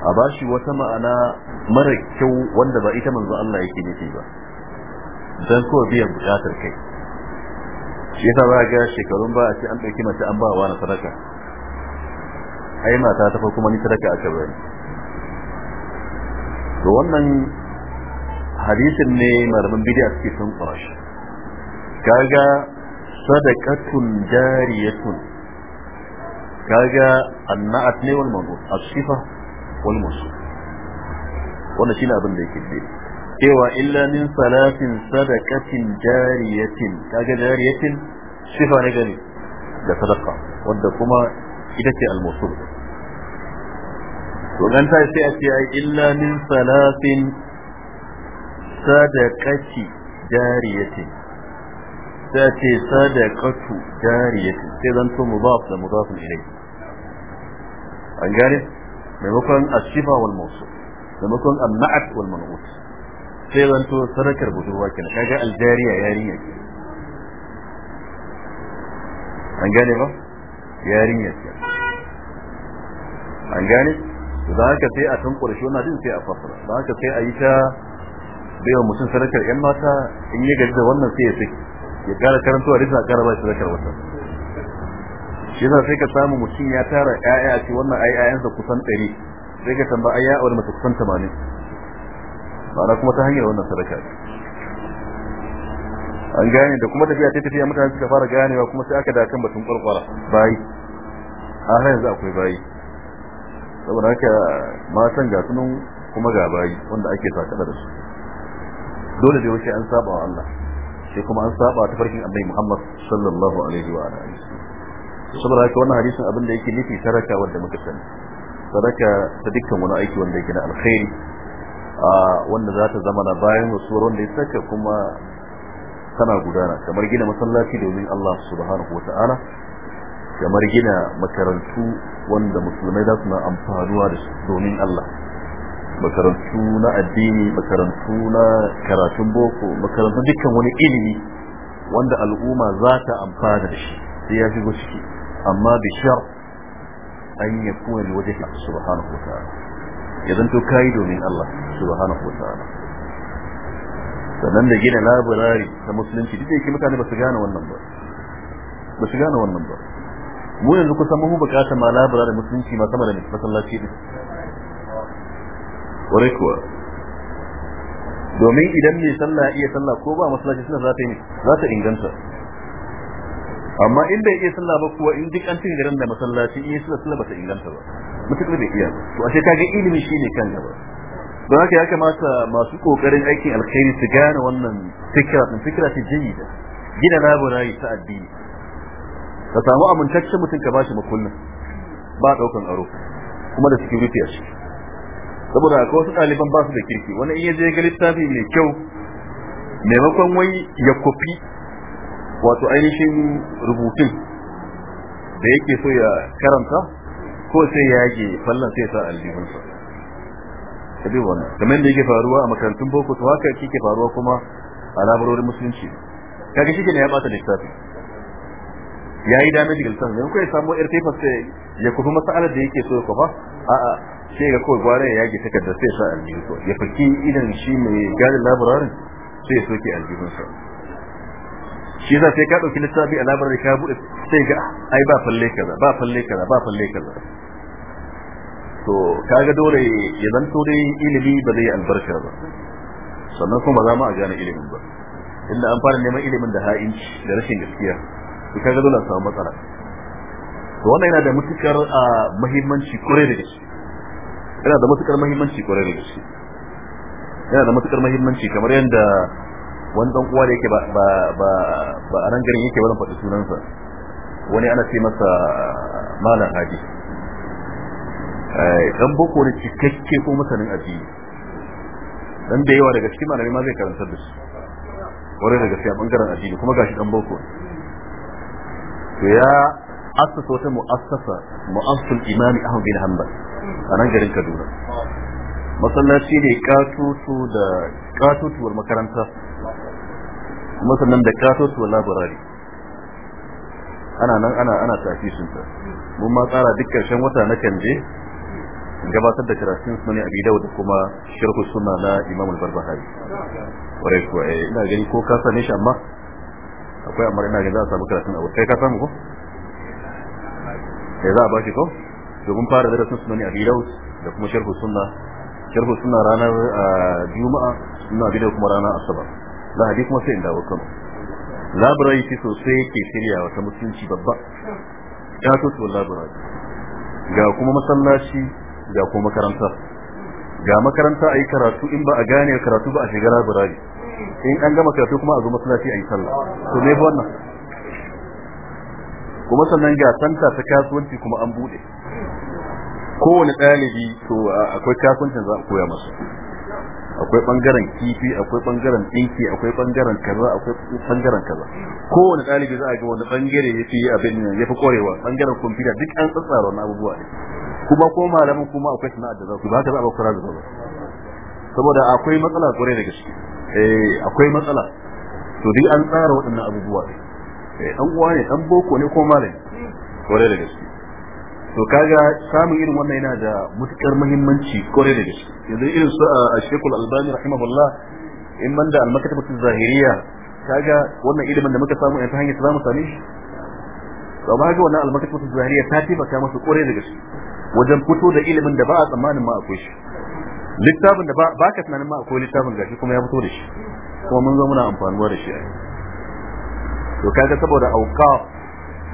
a ba shi wata ma'ana mara kyau wanda ba ita manzo Allah yake nufi ba don kowa biyan bukatar kai shi yasa ba ga shekarun ba a ce an ɗauki mace an ba wa na sadaka ai mata ta kuma ni sadaka aka bari to wannan hadisin ne malaman bidiya suke sun shi kaga sadaqatun jariyatun kaga anna ne wal mawdu asifa wal mawsuf wannan shine abin da yake da cewa illa min salatin sadaqatin jariyatin kaga jariyatin sifa ne gani da sadaqa wanda kuma ita ce al-mawsuf وغنتا سياتي الا من ثلاث صدقه جاريه تاتي صدقه جاريه اذا انتم مضاف لمضاف اليه انجاري بمكن الشفاء والموصول بمكن المعت والمنعوت اذا انتم صدقه بدوها كذا كاجا الجاريه يارية انجاري بقى يارية يارية انجاري da haka sai a tun shi wannan din sai a fasara da haka sai a yi ta baiwa mutum sadakar yan mata in yi gaji wannan sai ya saki ya gara karantowa a ta gara ba shi sadakar wata shi yasa sai ka samu mutum ya tara ƴaƴa a ce wannan ai ƴaƴansa kusan 100 sai ka tambaya ai ƴaƴa wani mace kusan 80 ba kuma ta hanyar wannan sadaka an gane da kuma tafiya ta tafiya mutane suka fara ganewa kuma sai aka dakan batun kwarkwara bayi a har yanzu akwai bayi saboda haka matan ga sunan kuma ga bayi wanda ake sakada da su dole da wuce an saba wa Allah shi kuma an saba ta farkin annabi Muhammad sallallahu alaihi wa alihi saboda haka wannan hadisin abin da yake nufi saraka wanda muka sani saraka ta dukkan wani aiki wanda yake na alkhairi wanda za ta zama na bayan rasuwar wanda ya saka kuma tana gudana kamar gina masallaci domin Allah subhanahu wa ta'ala kamar gina makarantu wanda musulmai za su na amfanuwa da domin Allah makarantu na addini makarantu na karatun boko makarantu dukkan wani ilimi wanda al'umma za ta amfana da shi sai ya shigo ciki amma bi shar an ya kuma da wajen subhanahu wa ta'ala ya zanto kai domin Allah subhanahu wa ta'ala sannan da gina labarari ta musulunci duk da yake mutane ba su gane wannan ba ba su gane wannan ba mu yanzu kusan mun bukata ma labura da musulunci ma sama da masallaci din ware kuwa domin idan mai sallah iya sallah ko ba masallaci suna za ta yi za ta inganta amma in bai iya sallah ba kuwa in duk an cin garin da masallaci in sallah sallah ba ta inganta ba mutum bai iya to ashe kage ilimi shine kan gaba don haka ya kamata masu kokarin aikin alkhairi su gane wannan fikira din fikira ce jayyida gina labarai ta addini ka samu amintacce mutum ka bashi makullin ba ɗaukan aro kuma da security a ciki saboda akwai wasu ɗaliban ba su da kirki wani in ya je ga littafi mai kyau maimakon wai ya kofi wato ainihin rubutun da yake so ya karanta ko sai ya yage fallon sai sa aljihunsa sabi wannan kamar da yake faruwa a makarantun boko to haka yake faruwa kuma a labarorin musulunci kaga shi ne ya bata littafi ya yi damage da littafin ko ya samu yar paper sai ya kufi masalar da yake so ya a a'a sai ga kawai gwara ya yage takardar sai sa aljihu ya faki idan shi mai gane labararin sai ya soke aljihunsa shi za sai ka ɗauki littafi a labarar ka buɗe sai ga ai ba falle kaza ba falle kaza ba falle kaza to kaga dole ya zanto dai ilimi ba zai albarka ba sannan kuma za mu a gane ilimin ba inda an fara neman ilimin da ha'inci da rashin gaskiya to kaga dole a samu matsala to wannan yana da matukar ah, muhimmanci kore da gaske yana da matukar muhimmanci kore da gaske yana da matukar muhimmanci kamar yadda wani dan uwa da yake ba ba ba a nan garin yake wani faɗi sunansa wani ana ce masa malam haji dan eh, boko ne cikakke ko masanin aji. dan da yawa daga cikin malami ma zai karanta da su kwarai da a bangaren aji kuma gashi dan boko to ya assasa wata mu'assasa mu'assul imami ahmad bin hanbal a nan garin kaduna masallaci ne katutu da katutuwar makaranta kuma da katutuwar labarari ana nan ana ana tafi sun ta mun ma tsara duk karshen wata na kan je gabatar da karatun sunan abi dawud kuma shirku sunna na imam barbahari ƙwarai kuwa eh, ina gani ko ka same shi amma akwai amma ina ga za a samu karatun abu kai ka samu ko sai eh, za a bashi ko domin fara da darasin sunani a bidau da kuma sharhu sunna sharhu sunna ranar juma'a sunna bidau kuma ranar asabar da hadisi kuma sai in dawo kano labarai ki sosai ke shirya wata musulunci babba ya to to labarai ga kuma masallaci ga kuma makaranta ga makaranta ayi karatu in ba a gane karatu ba a shiga labarai in an gama karatu kuma a zo masallaci a yi sallah to me fa wannan kuma sannan ga santa ta kasuwanci kuma an bude kowane ɗalibi to akwai kasuwancin za a koya masa akwai bangaren kifi akwai bangaren dinki akwai bangaren kaza akwai bangaren kaza kowane ɗalibi za a ga wani bangare fi abin fi korewa bangaren kwamfuta duk an tsatsara wani abubuwa ne kuma ko malamin kuma akwai sana'ar da za su ba ka za a ba kura da ba saboda akwai matsala kwarai da gaske eh akwai matsala to dai an tsara waɗannan abubuwa ne. Eh, an uwa ne dan boko ne ko malami kore da gaske to kaga samun irin wannan yana da mutukar muhimmanci kore da gaske yanzu irin su a ah, Sheikh Al-Albani rahimahullah in banda al-maktabatu zahiriya kaga wannan ilimin da muka samu yanzu hanyar zamu same shi to ba ga wannan al-maktabatu zahiriya ta taimaka masu kore da gaske wajen fito da ilimin da ba a tsammanin ma akwai shi littafin da ba ka tunanin ma akwai littafin gashi kuma ya fito da shi kuma mun zo muna amfanuwa da shi to kaga saboda auka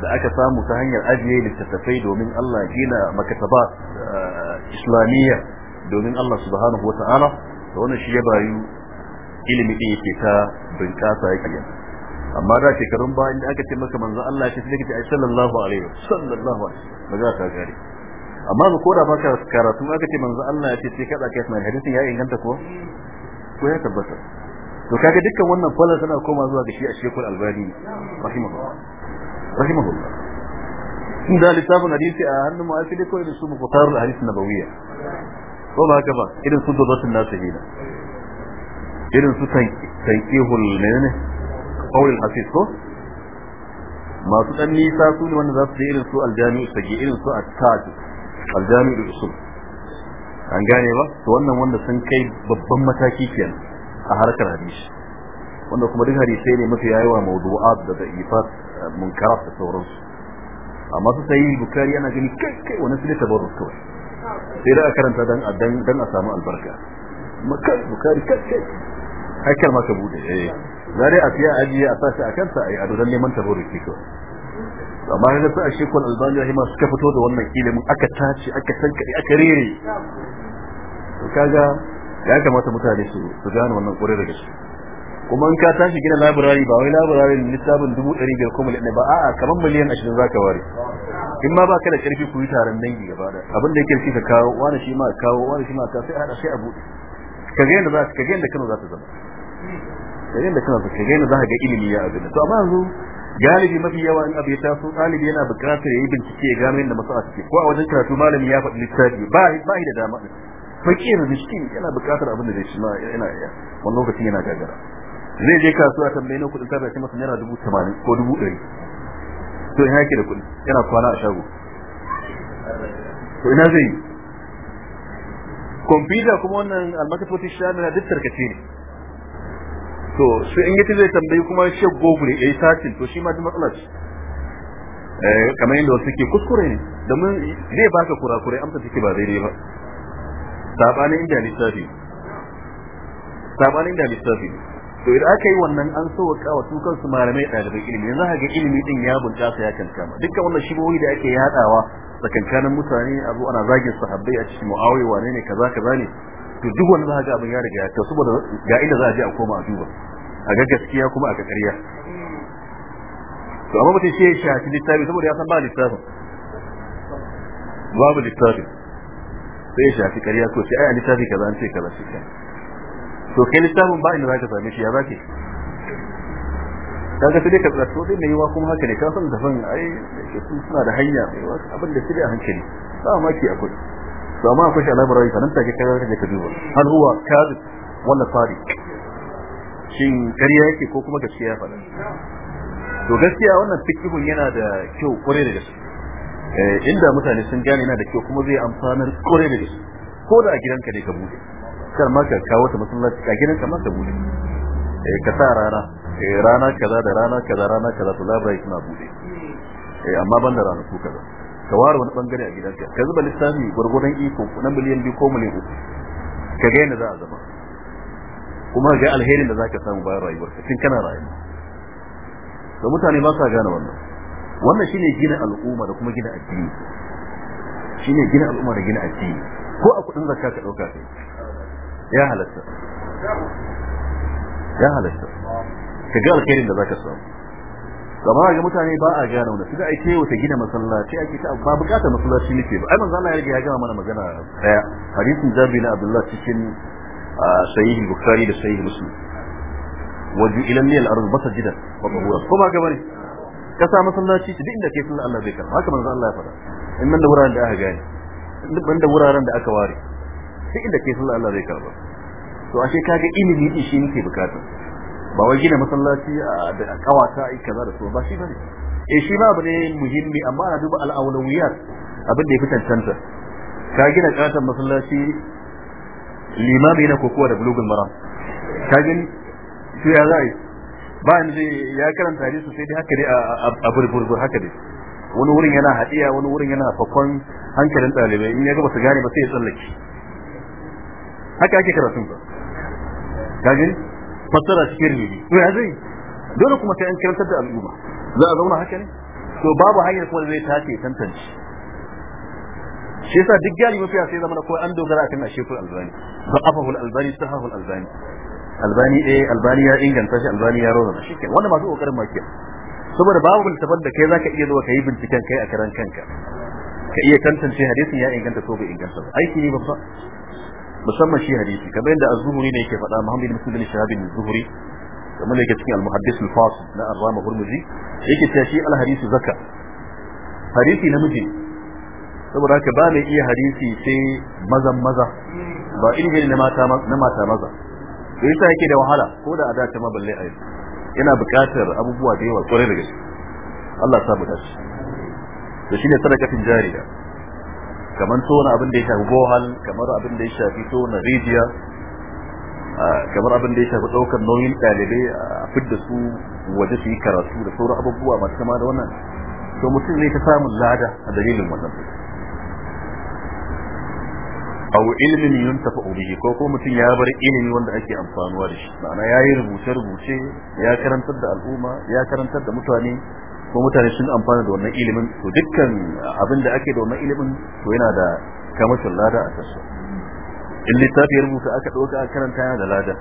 da aka samu ta hanyar ajiye littattafai domin Allah gina makataba eh, islamiyya domin Allah subhanahu wa ta'ala da wannan shi ya bayu ilimi ɗin yake ta bunƙasa yake yana amma da shekarun bayan da aka ce maka manzo Allah ya ce sai ka ce sallallahu alaihi sallallahu alaihi ba za ka gare amma ba ko da ba baka karatu aka ce manzo Allah ya ce sai kada kai mai hadisin ya inganta ko ko ya tabbata to kaga dukkan wannan fala tana koma zuwa ga shi a Sheikhul Albani rahimahullah rahimahullah inda littafin hadisi a hannun mu'asili ko irin su muqtarul hadisi nabawiyya ko ba haka ba irin su dubatun nasihina irin su tankihul menene qaulul hafiz ko masu dan nisa su ne wanda za su yi irin su aljami aljami'u sagi irin su at-tajid aljami da usul an gane ba to wannan wanda sun kai babban mataki kenan a harkar hadisi wanda kuma duk hadisai ne mafi yawa mawdu'at da da'ifat eh, munkarat da sauransu amma su sai bukari yana gani kai kai wani sai tabarruk kawai sai da karanta dan dan dan a samu albarka makai bukari kai kai haikar maka bude eh zare a fiya ajiye a sashi a kansa ai ado dan neman tabarruki kawai amma yana sa a shekul albani rahima suka fito da wannan ilimin aka tace aka tankade aka rere to kaga ya kamata mutane su su gane wannan kure da gaske kuma in ka tashi gina labirari ba wai labirari littafin dubu ɗari biyar ko miliyan ba a'a kamar miliyan ashirin za ka ware in ma ka da ƙarfi ku yi taron dangi gaba da abin da yake rufi ka kawo wani shi ma kawo wani shi ma ka sai a hada sai a buɗe ka ga yadda za ka ga yadda Kano za ta zama ka ga yadda Kano za za ka ga ilimi ya abin to amma yanzu galibi mafi yawa in abu ya taso ɗalibi yana buƙatar ya yi bincike ya gano yadda masu aske ko a wajen karatu malami ya faɗi littafi ba ba da dama fakir miskin yana buƙatar abin da zai shi ma iya wani lokacin yana gagara zai je kasuwa tambaye na kuɗin sarrafa shi masa naira dubu tamanin ko dubu ɗari to ina yake da kuɗi yana kwana a shago to ina zai yi kwamfuta kuma wannan almakatotin shanu na duk tarkace ne to shi in yace zai tambayi kuma shek gogure yayi eh, satin to shi ma da matsala ce eh kamar yadda wasu ke kuskure ne domin zai baka kurakure amsa take ba daidai ba sabanin inda lissafi sabanin inda lissafi to idan aka yi wannan an sauka wa su kansu malamai ɗalibai ilimi yanzu haka ilimi din ya bunƙasa ya kankama dukkan wannan shibohi da ake yadawa tsakankanin mutane abu ana zagin sahabbai a cikin mu'awiyawa wane ne kaza kaza ne to duk wani za ga abin ya riga ya ta saboda ga inda za a je a koma a duba a ga gaskiya kuma a kakariya to amma mutum shi ya shafi littafi saboda ya san ba littafin babu littafi sai ya shafi kariya ko sai ai a littafi kaza an ce kaza shi kan to kai littafin ba inda za ka same shi ya za ke ka sai dai ka to dai mai yiwa kuma haka ne ka san da fan ai suna da hanya mai yiwa abin da su a hankali ba maki akwai to amma akwai shi alamar rai kanan take kai ka je ka duba har huwa kadib wala sadiq shin kariya yake ko kuma gaskiya faɗa to gaskiya wannan fikihun yana da kyau kore da gaske eh, inda mutane sun gane yana da kyau kuma zai amfana kore da gaske ko da a ka ne ka bude kar ma ka kawo ta masallaci a ka ma ka bude eh, ka sa rana eh, rana kaza da rana kaza rana kaza to labrai suna bude amma ban da rana ko kaza ka ware wani bangare a gidanka ka zuba lissafi gwargwadon iko na miliyan biyu ko miliyan uku ka ga yadda za a zama kuma ga alherin da za ka samu bayan rayuwarka tun kana rayuwa da mutane ba sa gane wannan wannan shine gina al'umma da kuma gina addini shine gina al'umma da gina addini ko a kudin zakka ka dauka kai ya halatta ya halatta ka ga alherin da za ka samu kamar ga mutane ba a gane wanda suka aike wata gina masallaci ake ta ba bukatar masallaci nake ba ai manzo Allah ya rage ya gama mana magana daya hadisin Jabir bin Abdullah cikin sahih Bukhari da sahih Muslim waju ila lil ardh basjidan wa tahura kuma ga bari ka sa masallaci duk inda ke sunan Allah zai karba haka manzo Allah ya faɗa in nan da wuraren da aka gane duk banda wuraren da aka ware duk inda ke sunan Allah zai karba to ashe kaga ilimi din shi nake bukata ba wai gina masallaci a kawata ai kaza da so ba shi bane eh shi ba bane muhimmi amma ana duba al-awlawiyat abin da ya fi tantanta ka gina katon masallaci limami na kokowa da bulugul maram ka gani Su ya zai ba ni zai ya karanta hadisi sai dai haka dai a burburbur haka dai wani wurin yana hadiya wani wurin yana fakon hankalin dalibai in ya ga basu gane ba sai ya tsallake haka ake karatun ba ka gani fasara cikin rini to ya zai dole kuma ta an karantar da al'umma za a zauna haka ne to babu hanyar kuma da zai tace tantance shi yasa duk gari mafiya sai zama ko an dogara akan ashekul albani ba afahul albani sahahul albani albani eh albani ya inganta shi albani ya rona shi kenan wanda masu kokarin makiya saboda babu littafin da kai zaka iya zuwa kai binciken kai a karan kanka ka iya tantance hadisin ya inganta ko bai inganta ba aiki ne babba musamman shi hadisi kamar yadda az-zuhuri ne yake faɗa muhammad ibn sulaiman shahabin az-zuhuri kamar da yake cikin al-muhaddis al-fasil na ar-rama hurmuzi yake cewa shi al hadisu zakka hadisi namiji saboda haka ba mai iya hadisi sai mazan maza ba ilimi na mata na mata maza da yasa yake da wahala ko da ada ta maballe a yanzu yana buƙatar abubuwa da yawa kwarai da gaske Allah ya samu dace to shine sadakatin jariya kamar tona abin da ya shafi bohal kamar abin da ya shafi tona rijiya kamar abin da ya shafi ɗaukar nauyin ɗalibai a fidda su waje su yi karatu da sauran abubuwa masu kama da wannan to mutum ne ta samun lada a dalilin wannan aw ilmin yuntafa bihi ko ko mutum ya bar ilimi wanda ake amfanuwa da shi ma'ana yayi rubuce rubuce ya karantar da al'umma ya karantar da mutane ko mutane sun amfana da wannan ilimin to dukkan abin da ake da wannan ilimin to yana da kamashin lada a kansa in littafi ya rubuta aka ɗauka a karanta yana da lada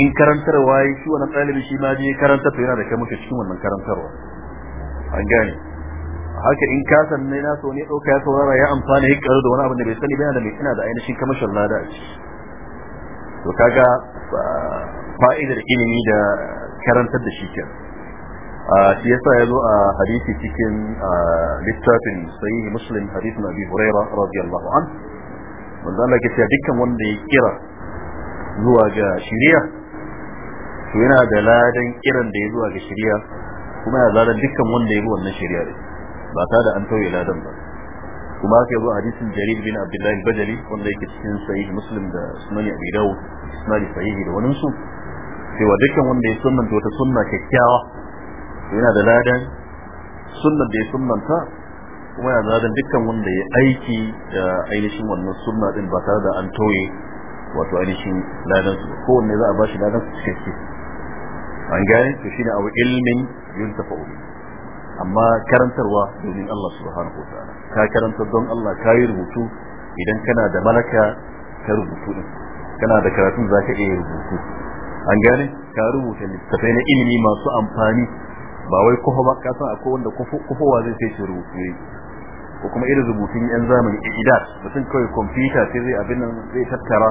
in karantarwa ya shi wannan ɗalibi shi ma je karanta to yana da kamashin cikin wannan karantarwa an gane haka in ka san ne na so ne ɗauka ya saurara ya amfana ya karu da wani abin da bai sani ba yana da mai ina da ainihin kamashin lada a ciki to kaga fa'idar ilimi da karantar da shi kenan shi yasa ya zo a hadisi cikin littafin sahihi muslim hadisin abi huraira radiyallahu an manzo Allah ya dukkan wanda ya kira zuwa ga shari'a to yana da ladan kiran da ya zuwa ga shari'a kuma yana ladan dukkan wanda ya bi wannan shari'a ne ba ta da an tauye ladan ba kuma haka yazo hadisin jarir bin abdullahi bajali wanda yake cikin sahihi muslim da sunani abi dawud sunani sahihi da wani su cewa dukkan wanda ya sunnanta wata sunna kyakkyawa yana da ladan sunnan da ya sunnanta kuma yana da ladan dukkan wanda ya aiki da ainihin wannan sunna din ba tare da an toye wato ainihin ladan su kowanne za a ba shi ladan su cikakke an gane to shine abu ilmin yuntafa ubi amma karantarwa domin Allah subhanahu wa ta'ala ka karanta don Allah ka yi rubutu idan kana da malaka ka rubutu din kana da karatun za ka iya rubutu an gane ka rubuta littattafai na ilimi masu amfani ba wai kufa ba ka san akwai wanda kufowa zai sai shi rubutu yayi ko kuma irin rubutun yan zamani idat mutum kawai computer sai zai abin nan zai tattara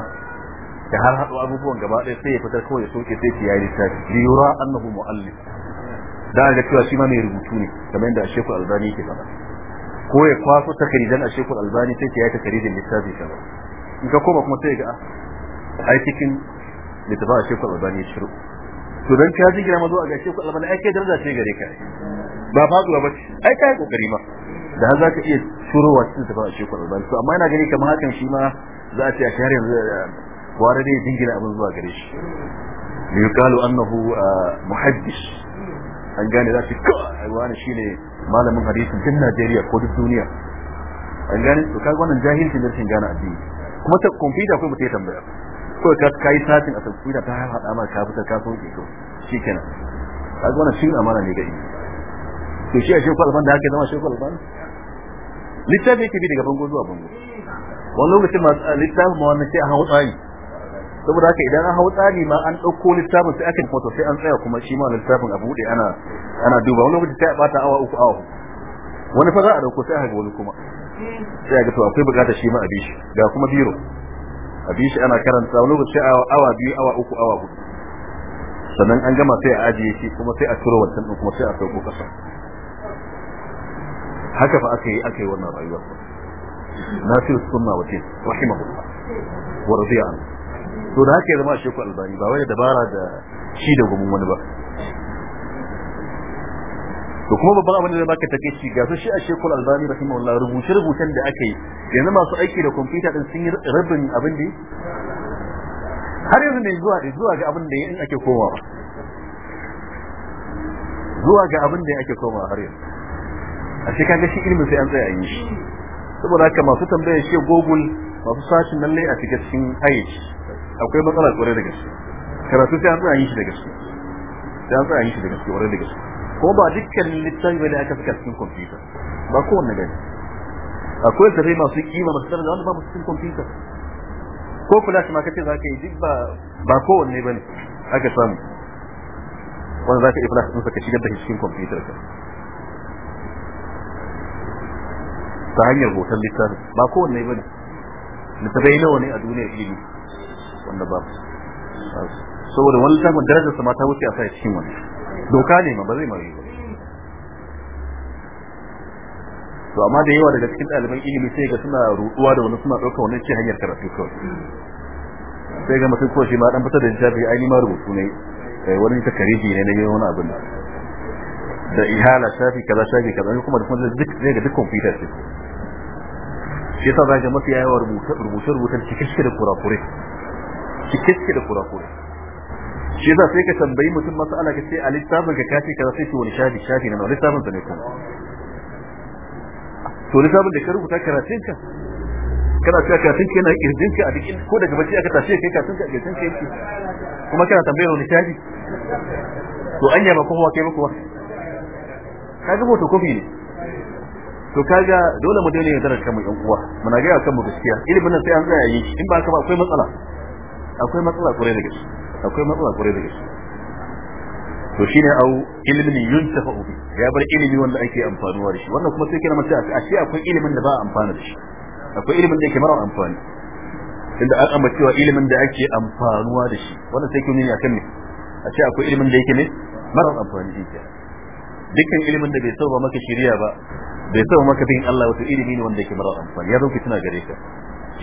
da har haɗu abubuwan gaba ɗaya sai ya fitar kawai ya soke sai ya yi littafi li yura annahu muallif da ga cewa shi ma mai rubutu ne kamar yadda Sheikh Albani ke faɗa ko ya kwaso takaridan a Sheikh Albani sai ya yi takaridin littafi kaza in ka koma kuma sai ga ai cikin littafin Sheikh Albani ya shiru to dan ka ji girma zo a gashi ku albana ai kai daraja ce gare ka ba faduwa ba ai kai kokari ma da haza ka iya shurowa cikin ba a ku albana to amma ina gani kamar hakan shi ma za a ce a shahar yanzu ware eh, ne jingina abin zuwa gare shi ne kalu annahu eh, muhaddis an gane za su kawai wani shine malamin hadisin din Najeriya ko duk duniya an gane to kaga wannan jahilcin da rashin gane addini kuma ta kompita akwai mutai tambaya ko ka kai satin a tafsira ta hada ma ka fita ka soke to shikenan kaga wannan shin amana ne ga ni to shi a shi kwalban da ake zama shi kwalban littafi yake bi daga bango zuwa bango wani lokacin ma littafi ma wannan sai a hau tsari saboda haka idan an hau tsari ma an ɗauko littafin sai aka foto sai an tsaya kuma shi ma littafin a bude ana ana duba wani lokacin sai a bata awa uku awa wani fa za a dauko sai a ga wani kuma sai a ga to akwai bukatar shi ma a bi shi ga kuma biro a bi shi ana karanta wani lokaci awa biyu awa uku awa hudu sannan an gama sai a ajiye shi kuma sai a turo wancan din kuma sai a sauko kasa haka fa aka yi aka yi wannan rayuwar nasiru sunna wace rahimahullah wa radiya to da haka ya zama shekul albani ba wai dabara da shi da gumin wani ba to kuma babban abin da zai baka shi ga su shi a Sheikhul Albani rahimahullah rubuce rubucen da aka yi yanzu masu aiki da computer din sun yi rabin abin da har yanzu ne zuwa da zuwa ga abin da in ake komawa zuwa ga abin da ake komawa har yanzu a shi kaga shi ilimin sai an tsaya yi shi saboda haka masu tambaya shi Google masu sashin lalle a cikin aiki akwai matsala kwarai da gaske karatu sai an tsaya yi shi da gaske sai an tsaya yi shi da gaske kwarai da gaske ko ba dukkan littafi bane aka saka cikin computer ba ko wanne gani akwai tare masu kima masu tare da wanda ba cikin computer ko flash ma kace ka yi duk ba ba ko wanne bane aka samu wanda ka yi flash din ka shigar da cikin computer ka ta hanyar hoton littafi ba ko wanne bane littafi nawa ne a duniya ilimi wanda ba saboda wani littafin darajarsa sama ta wuce a sa cikin wani doka ne ma ba zai mari ba to amma da yawa daga cikin ɗaliban ilimi sai ga suna ruɗuwa da wani suna ɗauka wani ce hanyar karatu kawai sai ga mutum koshi ma ɗan fitar da jabi ai ni rubutu ne eh, wani ta kareji ne na yi wani abin da ihala shafi kaza shafi kaza ne kuma da kuma duk zai ga duk computer ce shi yasa zaka mafi yawa rubuce rubuce cikin shi da kurakure cikin shi da kurakure shi yasa sai ka tambayi mutum mas'ala ka sai a littafin ka kace kaza sai ce wani shafi shafi na littafin ka ne kuma to littafin da ka rubuta karatun ka kana cewa karatun ka yana kirjin ka a dikin. ko daga bacci aka tashi kai karatun ka a kirjin ka yake kuma kana tambayar wani shafi to anya ba kowa kai ba kowa kaga hoto kofi ne to kaga dole mu daina yadda kamar yan uwa muna ga mu gaskiya ilimin nan sai an tsaya yi in ba ka ba akwai matsala akwai matsala kurai da gaskiya akwai matsala kwarai da gaske to shine au ilmin yuntafa bi ya bar ilimi wanda ake amfanuwa da shi wannan kuma sai kina mace a ce akwai ilimin da ba a amfana da shi akwai ilimin da yake mara amfani inda an amma cewa ilimin da ake amfanuwa da shi wannan sai kin yi akan ne a ce akwai ilimin da yake ne mara amfani da shi dukkan ilimin da bai saba maka shiriya ba bai saba maka bin Allah wato ilimi ne wanda yake mara amfani ya zo ki tuna gare ka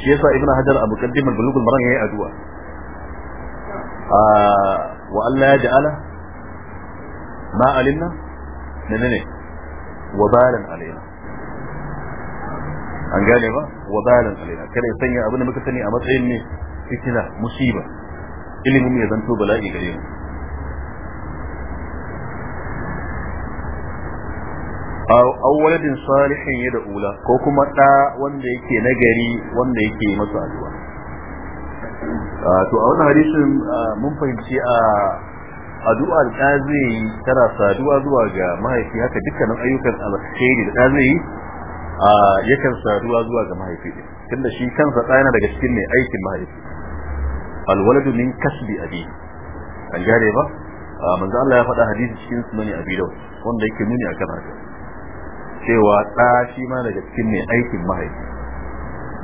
shi yasa ibnu hajar a muqaddimar bulugul maram yayi addu'a wa Allah ya ja'ala ma alimna menene wabalan alaina an gane ba wabalan alaina kada ya sanya abin da muka sani a matsayin ne fitina musiba ilimin ya zanto bala'i gare mu aw waladin salihin ya da ula ko kuma ɗa wanda yake nagari wanda yake masu addu'a to a wannan hadisin mun fahimci a addu'a da zai yi tara saduwa zuwa ga mahaifi haka dukkanin ayyukan alkhairi da zai yi a yakan saduwa zuwa ga mahaifi tunda shi kansa yana daga cikin ne aikin mahaifi alwaladu min kasbi abi an gare ba manzo Allah ya faɗa hadisi cikin sunani abi daud wanda yake nuni akan haka cewa ɗa shi ma daga cikin ne aikin mahaifi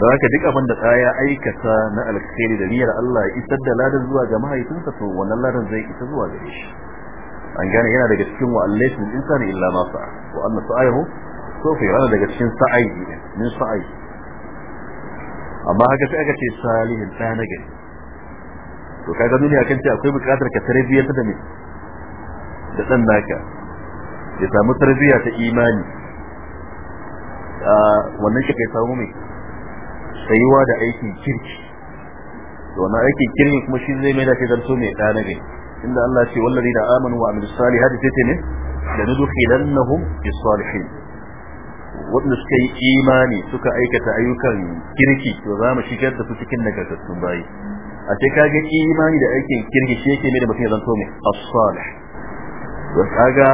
da haka duk abin da ya aikata na alkhairi da niyyar Allah ya isar da ladan zuwa ga mahaifinsa to wannan ladan zai isa zuwa gare shi an gane yana daga cikin wa allaysa insani illa ma sa'a wa anna sa'ahu sofi yana daga cikin sa'ai min sa'ayi. amma haka sai aka ce salihin da na gari to kaga duniya kan ce akwai buƙatar ka tarbiyyar da me da ɗan naka ya samu tarbiyya ta imani ah, wannan shi kai samu mai tsayuwa da aikin kirki to aikin kirki kuma shi zai mai da shi zanto mai ɗana gai inda Allah ce wallazi da amanu wa amilu salihati tace ne da nudkhilannahum bis salihin wanda suka yi imani suka aikata ayyukan kirki to za mu shigar da su cikin nagartattun bayi a ce kage imani da aikin kirki shi yake mai da mutum ya zanto mai as-salih to kaga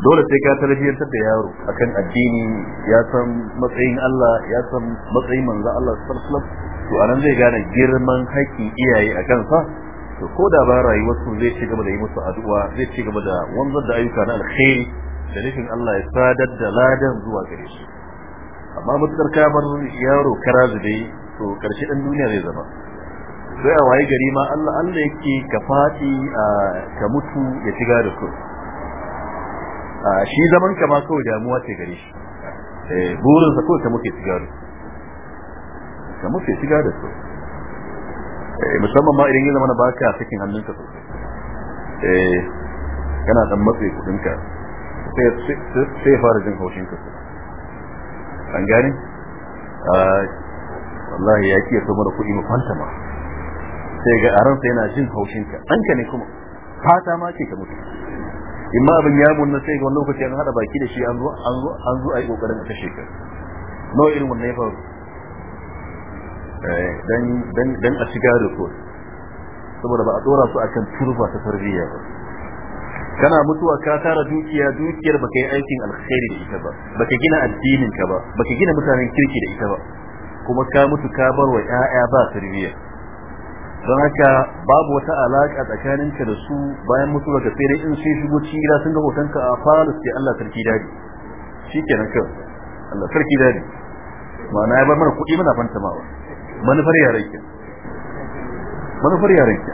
dole sai ka tarbiyyantar da yaro akan addini ya san matsayin Allah ya san matsayin manzo Allah sallallahu alaihi wasallam to anan zai gane girman haƙƙin iyaye a kansa to ko da ba rayuwar su zai ci gaba da yi musu addu'a zai ci gaba da wanzar da ayyuka na alkhairi da nufin Allah ya sadar da ladan zuwa gare su amma mutsar kamar yaro kara zube to karshe dan duniya zai zama sai a waye gari ma Allah Allah yake ka fadi ka mutu ya shiga da su shi zaman ka ma kawai damuwa ce gare shi eh, burin sa kawai ka muke sigari ka muke sigari eh musamman ma idan ya zama na baka cikin hannunka sosai eh, kana dan kudin ka sai fara jin haushin ka an gane wallahi ya kiyaye so mara kuɗi mu kwanta ma sai ga aransa yana jin haushin ka ɗanka ne kuma fata ma ce ka mutu in abin ya na sai wani lokaci an hada baki da shi an zo an zo an zo ai kokarin ta shekar irin wannan ya faru eh, dan dan dan a shiga da ko saboda ba a dora su akan turba ta tarbiyya ba kana mutuwa ka tara dukiya dukiyar baka yi aikin alkhairi da ita ba baka gina addinin ka ba baka gina mutanen kirki da ita ba kuma ka mutu ka bar wa 'ya'ya ba tarbiyya don haka babu wata alaka tsakaninka da su bayan mutu daga sai dai in sai shigo cikin gida sun ga hotonka a falis sai Allah sarki dadi shikenan kawai Allah sarki dadi ma'ana ya bar mana kuɗi muna fantamawa manufar yaran ki manufar yaran ki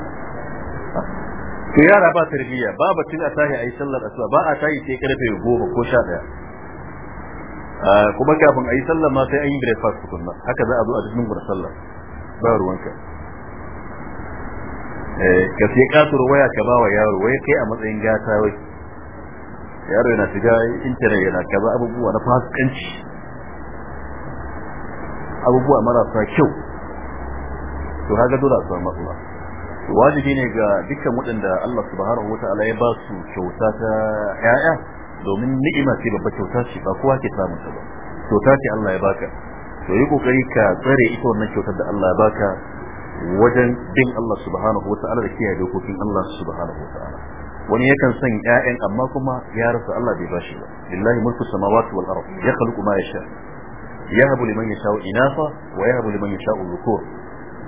to yara ba tarbiyya ba batun a tahi ayi sallar asuba ba a tahi sai karfe 10 ko 11 kuma kafin ayi sallar ma sai an yi breakfast tukunna haka za a zo a cikin gurin sallar ba ruwanka Eh, ka sai katur waya ka bawa yaro wai kai a matsayin gata wai yaro yana shiga intanet yana kaza abubuwa na fasikanci abubuwa marasa kyau to haka dole a samu matsala wajibi ne ga dukkan waɗanda Allah subhanahu wataala ya ba su kyauta ta ƴaƴa domin ni'ima ce babba kyauta ce ba kowa ke samun ta ba kyauta ce Allah ya baka to yi kokari ka tsare ita wannan kyautar da Allah ya baka wajen bin Allah subhanahu wa ta'ala da kiyaye dokokin Allah subhanahu wa ta'ala wani yakan san ƴaƴan amma kuma ya rasa Allah bai bashi ba lillahi mulku samawati wal ard ya khalqu ma yasha yahabu liman yasha'u inafa wa yahabu liman yasha'u dhukur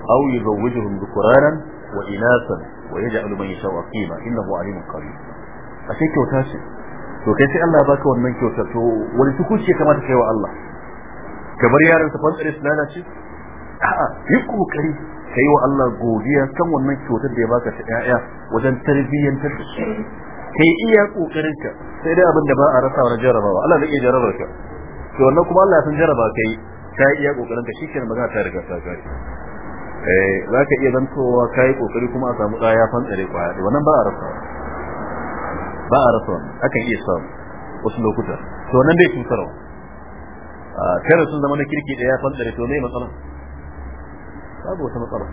aw yuzawwijuhum dhukuranan wa inasan wa yaj'alu man yasha'u aqima innahu alimun qadir ashe kyauta shi. to kai sai Allah ya baka wannan kyautar to wani tukunci kamata kai wa Allah kamar yaran sa fansar islana ce a'a yi kokari kai wa Allah godiya kan wannan kyautar da ya baka ta ƴaƴa wajen tarbiyyar ta kai iya kokarin ka sai dai abin da ba a rasa wa jarabawa Allah zai iya jarabar ka to wannan kuma Allah ya san jarraba kai kai iya kokarin ka shikenan za ta riga ta gari eh zaka iya zantowa kai kokari kuma a samu ɗaya fantsare kwaya wannan ba a rasa ba a rasa akan iya samu wasu lokuta to nan dai a ah, kare sun zama na kirki da ya tsare to ne matsalar babu wata matsala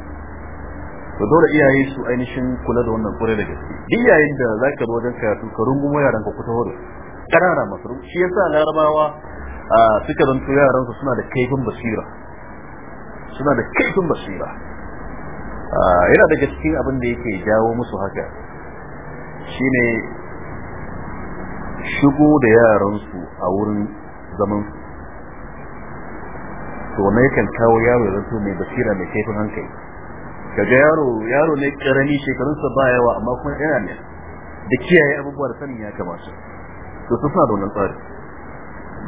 to dole iyaye su ainihin kula da wannan kure da gaske duk yayin da zaka bi wajen karatu ka rungumo yaran ka kuta horo karara masu shi yasa larabawa suka zanto yaran su suna da kaifin basira suna da kaifin basira yana da gaske abin da yake jawo musu haka shine shigo da yaran su a wurin zaman to wannan yakan kawo yaro ya zanto mai basira mai kaifin hankali kaga yaro yaro ne karami shekarunsa ba yawa amma kuma yana ne da kiyaye abubuwa da sanin ya kamata to su suna da wannan tsari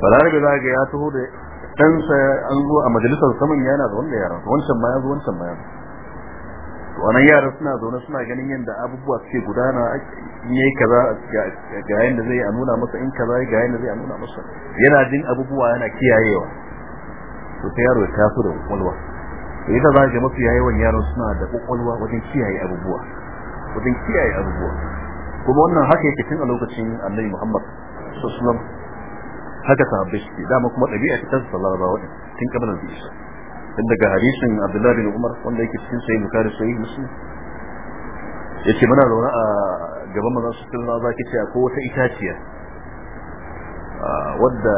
balarabe da ga ya taho da ɗansa an zo a majalisar saman yana da wanda yaran wancan ma ya zo wancan ma ya zo wannan yaran suna zaune suna ganin yadda abubuwa suke gudana in yayi kaza ga yanda zai a nuna masa in kaza ga yanda zai a nuna masa yana jin abubuwa yana kiyayewa to sai yaro ya tafi da kwakwalwa to yadda za ga mafiya yawan yaro suna da kwakwalwa wajen kiyaye abubuwa wajen kiyaye abubuwa kuma wannan haka yake tun a lokacin annabi muhammad sallallahu haka sahabbai shi dama kuma ɗabi'a ta kansa sallallahu alaihi wasallam tun kabin da isa tun daga hadisin abdullahi bin umar wanda yake cikin sahih bukhari sahih muslim yace mana zaune a gaban manzon sallallahu alaihi wasallam zaki ce akwai wata itaciya ah, wadda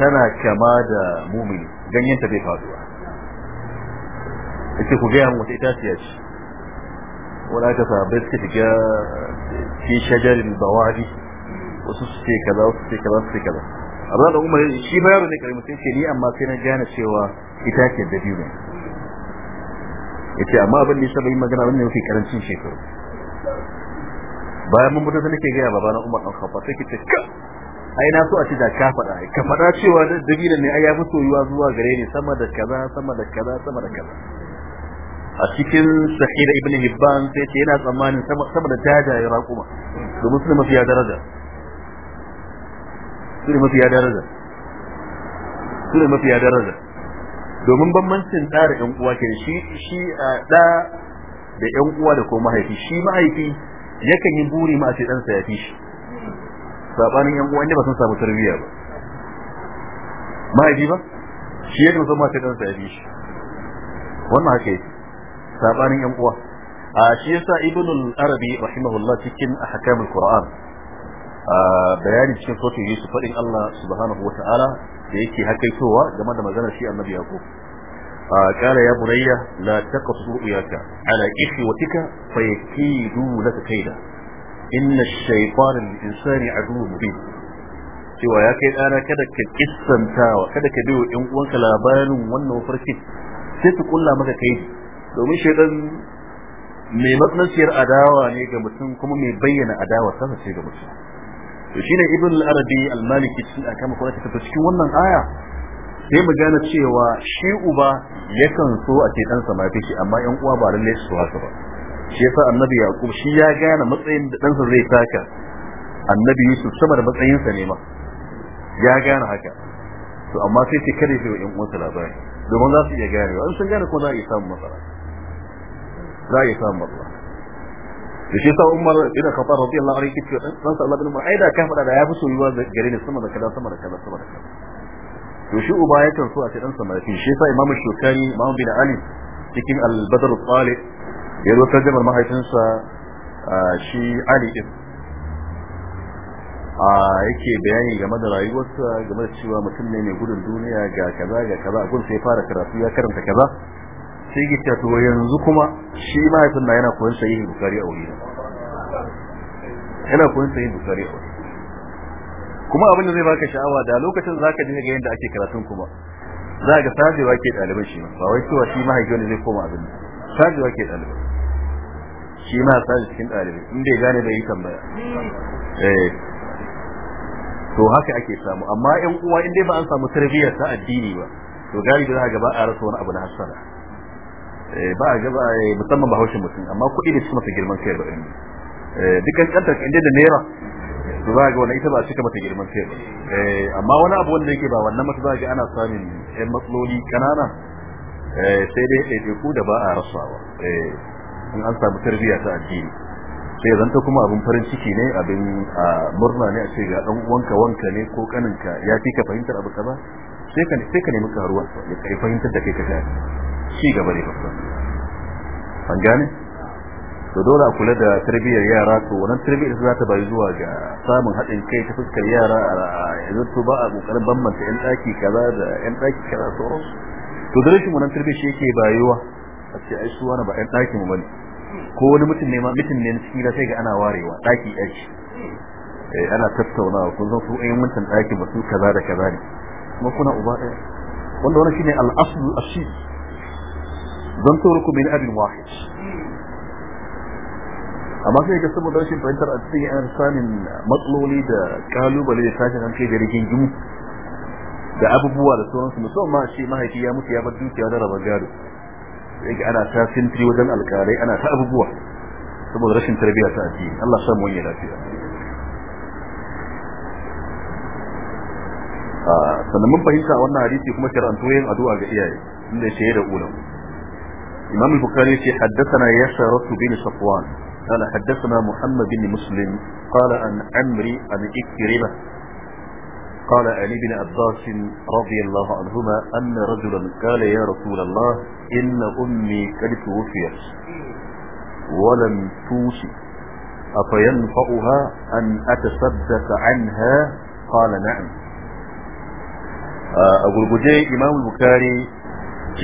tana kama da mumini ganyen ta bai faduwa ake ku gaya mu wata itaciya ce wala ta fa bai suka ga fi shajarin bawadi wasu su ce kaza wasu ce kaza su ce kaza amma da Umar shi ba yaro ne kai mutum ce ni amma sai na gane cewa ita ce da biyu ne yace amma abin da yasa bai magana wannan yake karancin shekaru bayan mun mutu nake gaya babana Umar dan Khattab sai kice ai na so a ci da ka faɗa ka faɗa cewa dabilan ne ai ya fi soyuwa zuwa gare ni sama da kaza sama da kaza sama da kaza a cikin sahih da ibn hibban sai ce yana tsammanin sama da ya raquma domin su mafiya daraja su mafiya daraja su mafiya daraja domin bambancin da da yan uwa ke shi shi da da yan uwa da ko mahaifi shi mahaifi yakan yi buri ma sai dan sa ya fi shi sabanin yan uwa inda ba sun samu tarbiyya ba mahaifi ba shi yadda musamman sai ɗansa ya shi wannan haka yake sabanin yan uwa a shi yasa ibn al-arabi rahimahullah cikin ahkam al-qur'an bayani cikin sautin yusuf fadin Allah subhanahu wata'ala da yake hakaitowa game da maganar shi annabi yaqub قال يا بني لا تقصوا رؤياك على إخوتك فيكيدوا لك كيدا inna shaytan lil insani aduwwun mubin cewa ya kai dana kada ka kissantawa kada ka biyo ɗan uwanka labarin wannan farkin, sai su kulla maka kai domin shaytan mai matsananciyar adawa ne ga mutum kuma mai bayyana adawa sama ce ga mutum to shine ibn al-arabi al-maliki cikin akama kuma ta cikin wannan aya sai mu gane cewa shi uba yakan so a ce ɗansa ma shi amma 'yan uwa ba lallai su haka ba shi yasa annabi yaqub shi ya gane matsayin da ɗansa zai taka annabi yusuf sama da matsayinsa ne ma ya gane haka to amma sai ce kada shi wa ƴan uwansa labari domin za su iya gane wa sun gane ko za a iya samun matsala za a iya samun matsala da shi sa umar ina kafa radiyallahu anhu yake cewa dan sa Allah bin ai da ka fada da ya fi soyuwa gare ne sama da kaza sama da kada sama da kada. to shi uba yakan so a ce dan sa mai shi sa imamu shukani imamu bin ali cikin al-badr al-talib ya zo tarjamar mahaifinsa shi ali din a yake bayani game da rayuwarsa game da cewa mutum ne mai gudun duniya ga kaza ga kaza a gun sai fara karatu ya karanta kaza sai ki ta tuwa yanzu kuma shi mahaifin na yana koyon yin bukari a wuri yana koyon sahihin bukari a wuri kuma abin da zai baka sha'awa da lokacin zaka dinga ga yadda ake karatun kuma za ga sajewa ke ɗaliban shi ba wai cewa shi mahaifin ne zai koma abin sajewa ke ɗaliban. shi ma sa cikin ɗalibi in bai gane bai yi tambaya eh to haka ake samu amma ƴan uwa in dai ba an samu tarbiyyar ta addini ba to da za ga ba a rasa wani abu na hasara eh ba a ga ba eh, musamman bahaushe mutum amma kuɗi ne su masa girman kai ba ɗin eh dukkan kantar inda da naira to za ga wannan ita ba a cika mata girman kai ba eh amma wani abu wanda yake ba wannan mata za ga ana samun ƴan matsaloli kanana eh, sai dai ɗaiɗaiku da ba a rasawa eh in an samu tarbiyya ta addini sai zanta kuma abin farin ciki ne abin murna ne a ce ga dan wanka wanka ne ko kaninka ya fi ka fahimtar abu kaza sai ka sai ka nemi karuwa ya kai fahimtar da kai ka gani shi gaba ne ba an gane to dole a kula da tarbiyyar yara to wannan tarbiyyar za ta bayi zuwa ga samun haɗin kai ta fuskar yara yanzu to ba a kokarin bambanta yan daki kaza da yan daki kaza sauransu to da rashin wannan tarbiyyar shi yake bayuwa ce ai su wani ba ɗan ɗakin mu bane ko wani mutum ne ma mutum ne na cikin gida sai ga ana warewa ɗaki ɗaki eh ana tattaunawa kun san su ɗayan wancan ɗakin ba su kaza da kaza ne kuma kuna uba ɗaya wanda wannan shine al-aslu zan zan turku min abin wahid amma sai ga saboda rashin fahimtar a cikin yan sanin matsaloli da kalubale da sashen hankali da rigingimu da abubuwa da sauransu musamman ma shi mahaifi ya mutu ya bar dukiya da rabar gado yake ana ta sintiri wajen alƙalai ana ta abubuwa saboda rashin tarbiyya ta addini Allah sa samu lafiya ah, sannan mun fahimta wannan hadisi kuma shar'antu yin addu'a ga iyaye inda yake da ulama Imam Bukhari yace haddathana Yasharatu bin Safwan قال حدثنا محمد بن مسلم قال عن عمري عن إكرمة قال علي بن عباس رضي الله عنهما أن رجلا قال يا رسول الله إن أمي قد توفيت ولم توصي أفينفعها أن أتصدق عنها قال نعم أبو آه، البجي إمام البخاري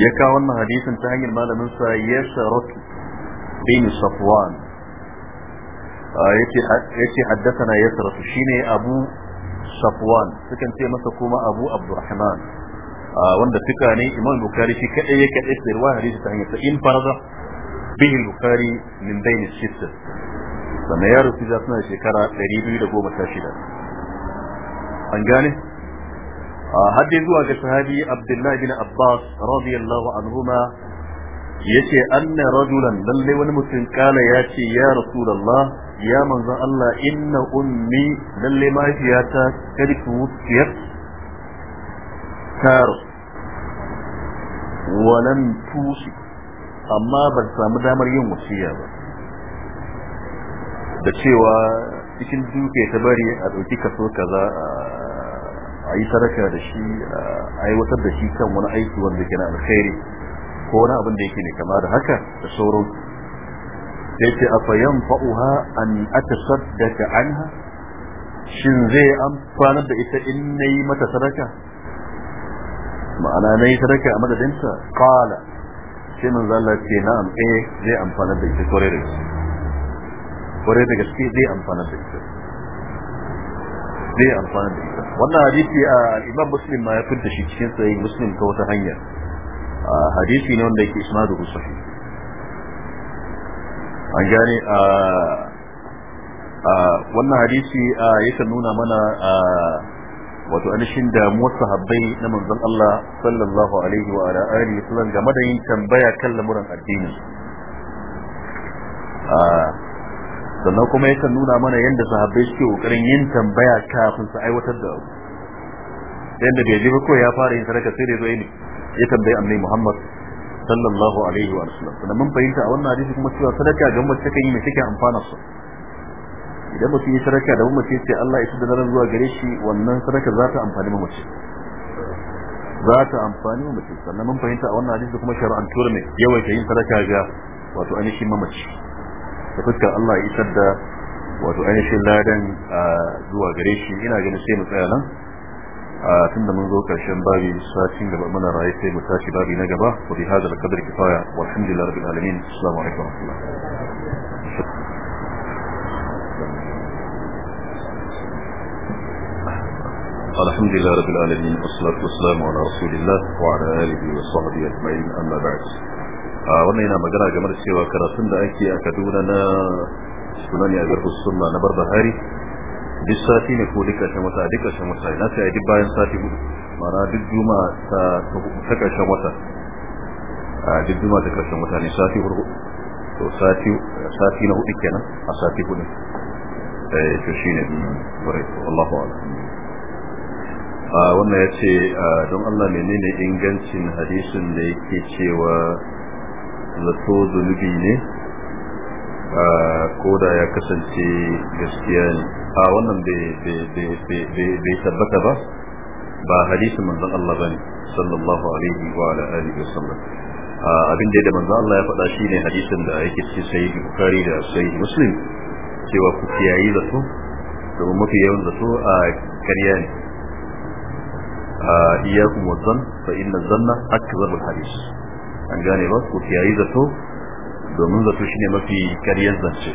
يكا وانا حديثا تهني المال من يسرت بين صفوان آه، يتي حدثنا يسرة شيني أبو safwan sukan ce masa kuma abu abdurrahman ah, wanda suka ne imam bukari shi kadai ya kadai sai ruwa hadisi ta hanyar in farza bihi bukari min bayn shitta sannan ya rufi suna shekara 216 an gane ah, hadde zuwa ga sahabi abdullahi bin abbas radiyallahu anhuma yace anna rajulan lalle wani mutum kala yace ya rasulullah ya manzan Allah inna ummi lalle mahaifiyata kada ki wuciyar taro walan tusi amma ban samu damar yin wasiya ba da cewa cikin duke ta bari a ɗauki kaso kaza a yi sadaka da shi a aiwatar da shi kan wani aiki wanda ke na alkhairi ko wani abin da yake ne kama da haka da sauransu sai ce afa yanfa'uha an atasaddaka anha shin zai amfanar da ita in nayi mata sadaka ma'ana nayi sadaka a madadinta qala sai manzo Allah ce na eh zai amfanar da ita kore da kore da gaske zai amfanar da ita zai amfanar da ita wannan hadisi a ah, Imam Muslim ma ya fitta shi cikin sahih Muslim ta wata hanya ah, hadisi ne wanda yake da sahih an gane a wannan hadisi yakan nuna mana wato anishin damuwar sahabbai na manzon Allah sallallahu alaihi wa ala alihi wasallam game da yin tambaya kan lamuran addini sannan kuma yakan nuna mana yadda sahabbai suke kokarin yin tambaya kafin su aiwatar da abu yadda bai ji ba ko ya fara yin sadaka sai da zo ne ya tambayi annabi Muhammad sallallahu alaihi wa sallam sannan mun fahimta a wannan hadisi kuma cewa sadaka ga mace take yi mai take amfana su idan mutum yi sadaka da mace ce Allah ya tsada zuwa gare shi wannan sadaka za ta amfani mu mace za ta amfani mu mace sannan mun fahimta a wannan hadisi kuma shari'an tura ne yawan yin sadaka ga wato ainihin mamaci da fuskar Allah ya isar da wato ainihin ladan ah, zuwa gare shi ina ganin sai mu tsaya nan a tunda mun zo karshen babi satin gaba muna raye sai mu tashi babi na gaba wa bi hadal qadri kifaya walhamdulillahi rabbil alamin assalamu alaikum wa rahmatullahi الحمد لله رب العالمين والصلاة والسلام على رسول الله وعلى آله وصحبه أجمعين أما بعد wannan yana magana game da cewa karatun da ake a Kaduna na sunani a garbar sunna na Barbahari duk sati ne ko duka ƙarshen wata duka ƙarshen wata na sai duk bayan sati hudu mara duk juma ta ta karshen wata a duk juma ta karshen wata ne sati hudu to sati sati na hudu kenan a sati hudu eh to shine bare mm, Allahu a wannan yace don Allah menene ingancin hadisin da yake cewa zato zulubi ne ko da ya kasance gaskiya ne a wannan bai tabbata ba ba hadisi manzon Allah bane sallallahu alaihi wa ala alihi wasallam abin da manzon Allah ya faɗa shine hadisin da yake cikin sahih bukhari da sahih muslim cewa ku kiyayi zato domin mafi yawan to a ƙarya ne iyakum wa zan fa inna zanna akzabul hadis an gane ba ku kiyayi zato domin zato shine mafi ƙaryar zance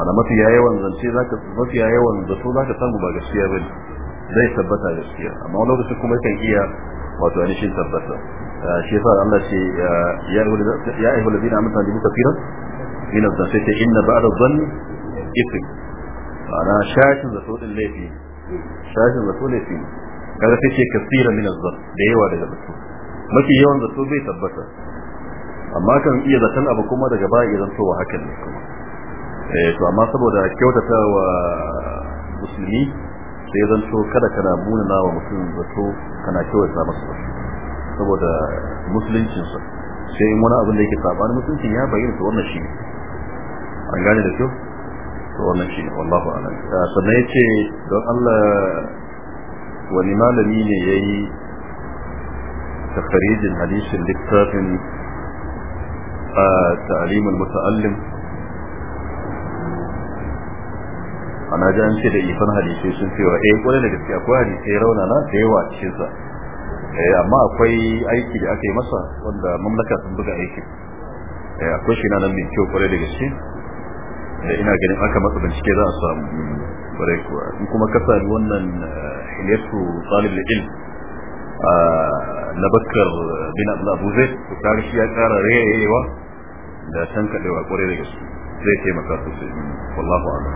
ana mafi yawan zance zaka mafi yawan zato zaka samu ba gaskiya bane zai tabbata gaskiya amma lokacin kuma kan iya wato ainihin tabbata ah, shi yasa Allah ce ya ah, ya ayyuhal ladina amanu tabi'u kafiran min az-zanni ta inna ba'da dhanni ithm ana shashin zato din laifi shashin zato laifi kaga sai ce kafiran min az-zanni da yawa daga zato mafi yawan zato bai tabbata amma kan iya zaton abu kuma daga baya iya zantowa hakan ne kuma eh to amma saboda kyautata wa musulmi sai zanto kada kana munana wa mutum zato kana kyautata masa saboda musuluncin sa sai in wani abin da yake sabanin musuluncin ya bayyana to wannan shi an gane da kyau to wannan shi wallahu a'lam ah, sannan yace don Allah wani malami ne yayi tafrijin hadisin littafin ta'limul muta'allim ana ji an ce da ifan hadisai sun wa eh kwarai da gaske akwai hadisai rauna na da yawa cikin sa eh amma akwai aiki da aka yi masa wanda mamlaka sun buga aiki eh akwai shi nan mai kyau kwarai da gaske eh ina ganin aka masa bincike za a samu kwarai kuwa in kuma ka sami wannan hilyatu talib ilm na bakar bin abu abu zai to kare shi ya tsara rayayewa da san kadewa kore da gaske zai taimaka sosai wallahu a'lam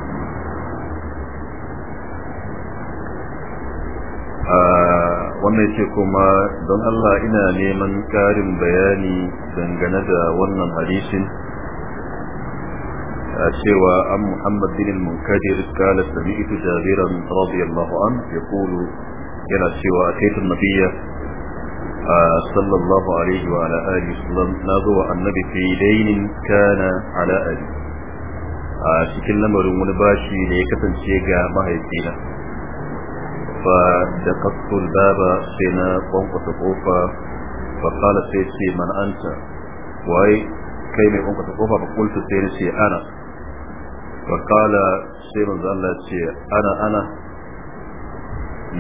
wannan ce kuma don Allah ina neman karin bayani dangane da wannan hadisin سوى عن محمد بن المنكدر قال سمعت جابرا رضي الله عنه يقول إلى سوى أتيت النبي sallallahu alaihi wa ala alihi sallam na zo wa annabi fi dainin kana ala ali a cikin lamarin wani bashi ne ya kasance ga mahaifina fa da kasul baba sai na kwankwata kofa fa kala sai ce man anta wai kai mai kwankwata kofa ba kulta sai na ce ana fa kala sai manzo Allah ce ana ana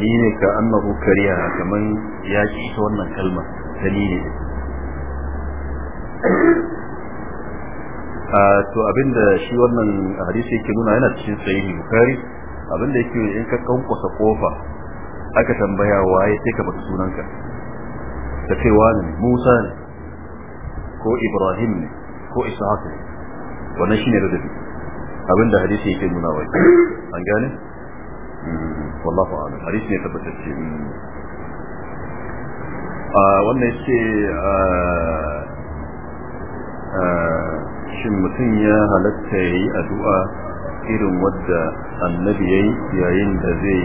ni ne ka annahu kariya kaman ya ki ta wannan kalma dalili a ah, to abinda shi wannan hadisi yake nuna yana cikin sahihi bukhari abinda yake in ka kankwasa kofa aka tambaya waye sai ka bata sunanka ka ce wani Musa ne ko Ibrahim ne ko Ishaq ne wannan shine da dabi abinda hadisi yake nuna wai an gane wallahu a'lam hadisi ne tabbatacce ah, wannan yace ah, ah, shin mutum ya halatta yayi addu'a irin wadda annabi yayi yayin da zai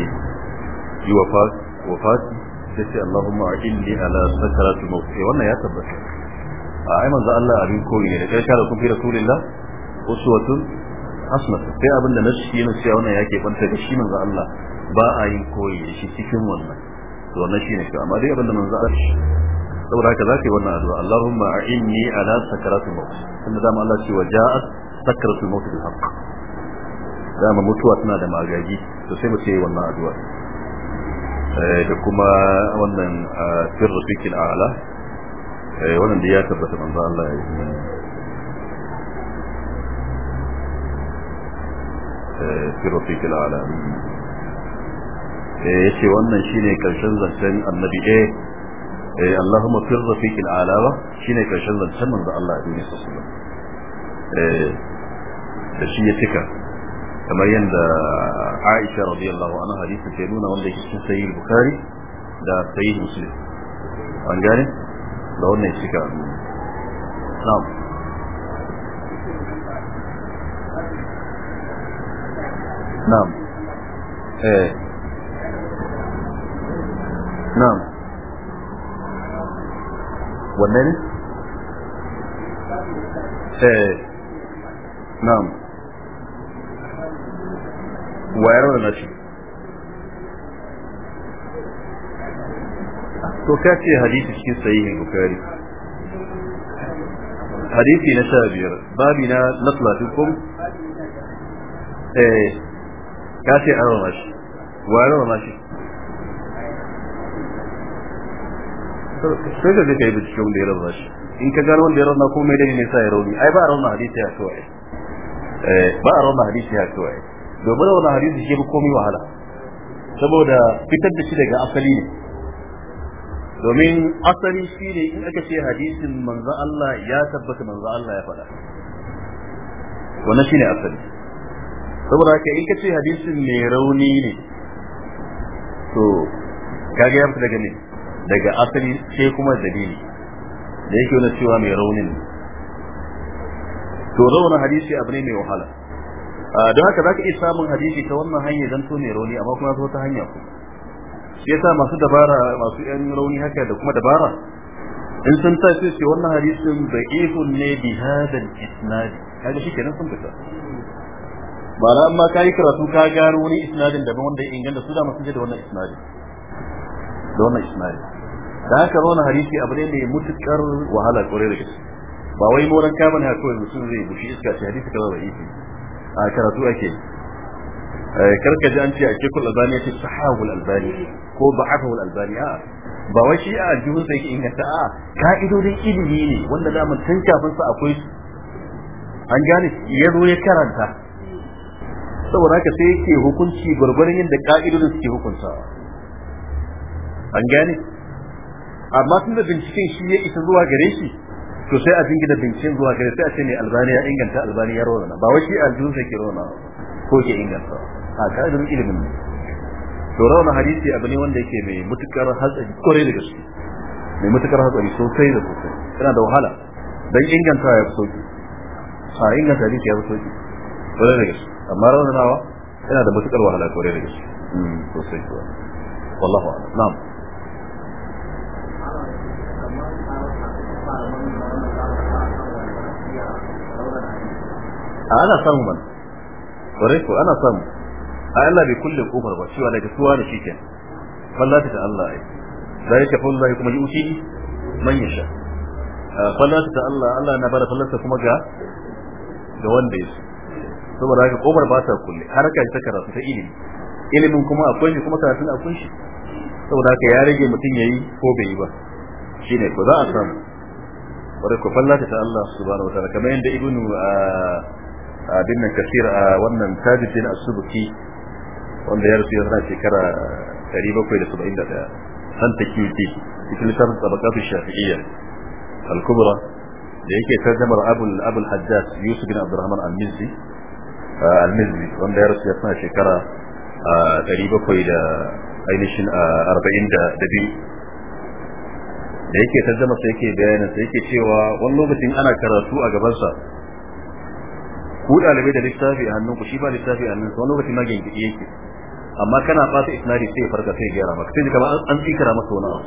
yi wafat wafat sai Allahumma a'inni ala sakrati mawti eh, wannan ya tabbata A ai manzo Allah abin kori ne da kai ka da kun fi rasulillah wasu. asnaf sai abin da nasu yana cewa wannan ya ke banta da shi manzo Allah ba a yin koyi shi cikin wannan to wannan shine shi amma dai abin da manzo Allah saboda haka zaka yi wannan addu'a Allahumma a'inni ala sakaratul maut inda dama Allah ce wa ja'at sakaratul maut bil haqq dama mutuwa tana da magaji to sai mu ce wannan addu'a eh, da kuma wannan ah, fikil a'la eh, wannan da ya tabbata manzo Allah ya yi Eh, fi rafiqil ala eh yace wannan shine karshen zancen annabi eh eh Allahumma fi rafiqil ala ba shine karshen zancen manzo Allah ya yi eh da shi ya tika kamar yadda Aisha radiyallahu anha hadisi ke nuna wanda yake cikin sahih Bukhari da sahih Muslim an gane da wannan shika na'am نعم eh na'am wanne ne eh na'am wayar da shi to hadisi cikin sahihin bukari. hadisi na sha biyar babi na na talatin ya ce an rama shi wa ya ma shi sai da zai kai bincike wanda ya rama shi in ka gano wanda ya rama ko mai dai ne sa ya rauni ai ba a rama hadisi ya kawai eh, ba a rama hadisi ya kawai domin wannan hadisi shi komai wahala saboda fitar da shi daga asali ne domin asali shi ne in aka ce hadisin manzo Allah ya tabbata manzo Allah ya faɗa wannan shine asali saboda haka in ka ce hadisin mai rauni ne to kaga yamsa daga ne daga asali sai kuma dalili da yake wani cewa mai raunin ne to raunin hadisi abu ne mai wahala don haka za ka iya samun hadisi ta wannan hanya zan to mai rauni amma kuma zo ta hanya ku shi yasa masu dabara masu yan rauni haka da kuma dabara in sun ta sai wannan hadisin da'ifun ne bi hadal isnadi kaga shi kenan sun fita ba na amma yi karatu ka gano wani isnadin daban wanda ya inganta su da masu da wannan isnadin da wannan isnadin da haka wannan hadisi abu ne mai mutukar wahala kwarai da gaske ba wai moran kamar ya kawai mutum zai bushi iska ce hadisi kaza da ifi a karatu ake eh, karka ji an ce a shekul albani ya ce sahawul albani ko afawul albani a ba wai shi a jihun sai ke inganta a ka'idodin ilimi ne wanda da tun kafin sa akwai an gane ya zo ya karanta saboda haka sai yake hukunci gwargwaron yadda ka'idodin suke hukunta an gane amma tun da binciken shi ya isa zuwa gare shi to sai a jingina binciken zuwa gare sai a ce ne albani ya inganta albani ya rona ba wai shi aljihun sai ke rona ko ke inganta a ka'idodin ilimin ne to rauna hadisi abu ne wanda yake mai mutukar hatsari kwarai da gaske mai mutukar hatsari sosai da sosai yana da wahala don inganta ya fi sauki a inganta hadisi ya fi sauki kwarai da gaske amma raunanawa yana da matukar wahala kore da gaske hmm, sosai kuwa wallahu a'lam na'am ana samu man kore ko ana samu a Allah bai kulle kofar ba cewa daga suwa da shi kenan fallata ta Allah ai zai ta fallata kuma ji uti man yasha fallata ta Allah Allah na bara fallata kuma ga ga wanda yake saboda haka kofar ba ta kulle harka ta karatu ta ilimi ilimin kuma akwai shi kuma karatun akwai shi saboda haka ya rage mutum yayi ko bai yi ba shine ko za a samu wadda ku fallata ta Allah subhanahu wa ta'ala kamar yadda ibnu ah, abin nan kasir a ah, wannan tajibin asubuki wanda ya rasu yana shekara 771 san takiti cikin littafin tabaqatu shafi'iyya al-kubra da yake tarjamar abul abul hajjaj yusuf bin abdurrahman al-mizzi al wanda ya rasu ya sana shekara bakwai da ainihin arba'in da da yake tarjama sai yake bayanin sai yake cewa wani lokacin ana karatu a gabansa ku ɗalibai da littafi a hannunku shi ba littafi a hannun wani lokacin magin gidi yake amma kana fata isnadi sai farka sai gyara maka sai kamar an tsikara masa wani abu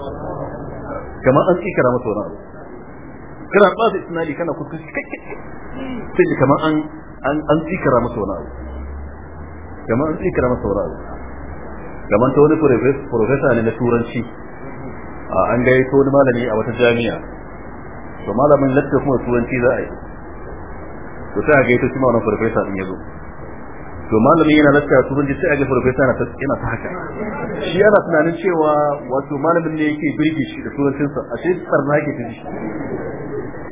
kamar an tsikara masa wani abu kana fata isnadi kana kuskure sai kamar an an tsikara masa wani abu kamar an tsikara masa wani abu kamar ta wani profesa ne na turanci an gaya ta wani malami a wata jami'a to malamin lafiya kuma turanci za a yi to sai a ta shi wani farfesa din yazo to malami yana lafiya turanci sai a ga farfesa na yana ta haka shi yana tunanin cewa wato malamin ne yake birge shi da turancinsa a shi sarna yake tafi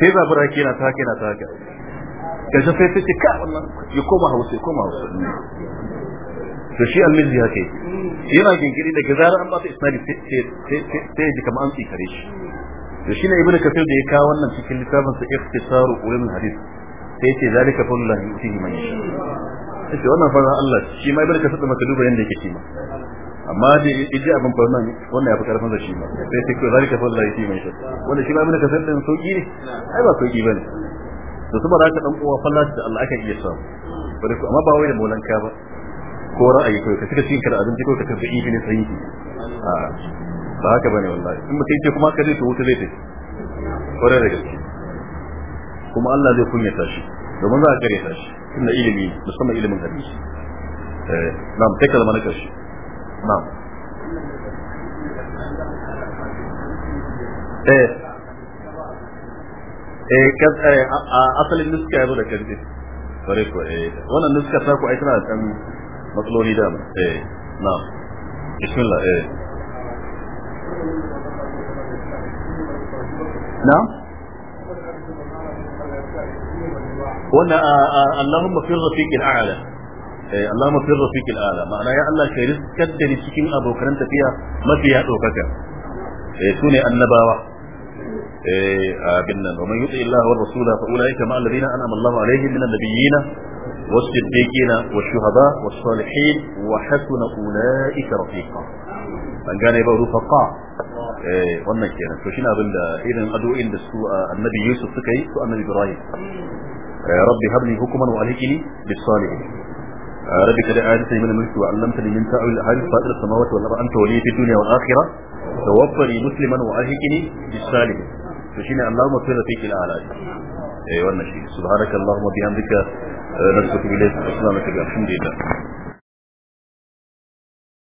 sai zabura yana ta haka yana ta haka karshe sai ta ce ka wannan ya koma hausa ya koma hausa to shi almizzi haka yana gingiri daga zarar an ba ta isnadi sai ya ji kamar an tsikare shi to shine ibn kafir da ya kawo wannan cikin littafin sa ikhtisaru ulum hadith sai yace zalika fadlullah yutihi man yasha sai wannan fara Allah shi ma ibn kafir da maka duba yanda yake kima amma da ije abin fa wannan ya fi karfin da shi ma sai sai zalika fadlullah yutihi man yasha wannan shi ma ibn kafir din sauki ne ai ba sauki bane to saboda ka dan uwa fallaci da Allah aka iya samu bari ku amma ba wai da molan ka ba ko ra'ayi ko ka cika cikin kar abinci ko ka tafi ibi ne sahihi a ba haka bane wallahi in mutum ce kuma ka zai wuta zai tafi kwarai da gaske kuma Allah zai kunyata shi domin za a kare ta shi inda ilimi musamman ilimin hadisi eh na'am take kalma na kashi na'am eh eh, eh asalin nuska ya zo da karfi kware ko eh, wannan nuska ta ku ai tana da kan matsaloli da mu eh Na. bismillah eh na'am wannan Allahumma fi rafiqil a'la eh, Allahumma fi rafiqil a'la ma'ana ya Allah kai rizkar da ni cikin abokan tafiya mafiya dokaka eh sune annabawa ومن إيه، آه، يطع الله والرسول فاولئك مع الذين انعم الله عليهم من النبيين والصديقين والشهداء والصالحين وحسن اولئك رفيقا من كان يبغى روح القاع إيه، وانك يعني فشنا بند اذا أدو ان السوء النبي يوسف سكي سوء النبي ابراهيم إيه، رب هب لي حكما والهجني بالصالحين ربي كده من الملك وعلمتني من تاويل الاحاديث فاطر السماوات والارض انت ولي في الدنيا والاخره توفري مسلما واهكني بالسالم فشيني اللهم في رفيق الاعراج ايوه سبحانك اللهم وبحمدك آه، نسبك اليك اسلامك الحمد لله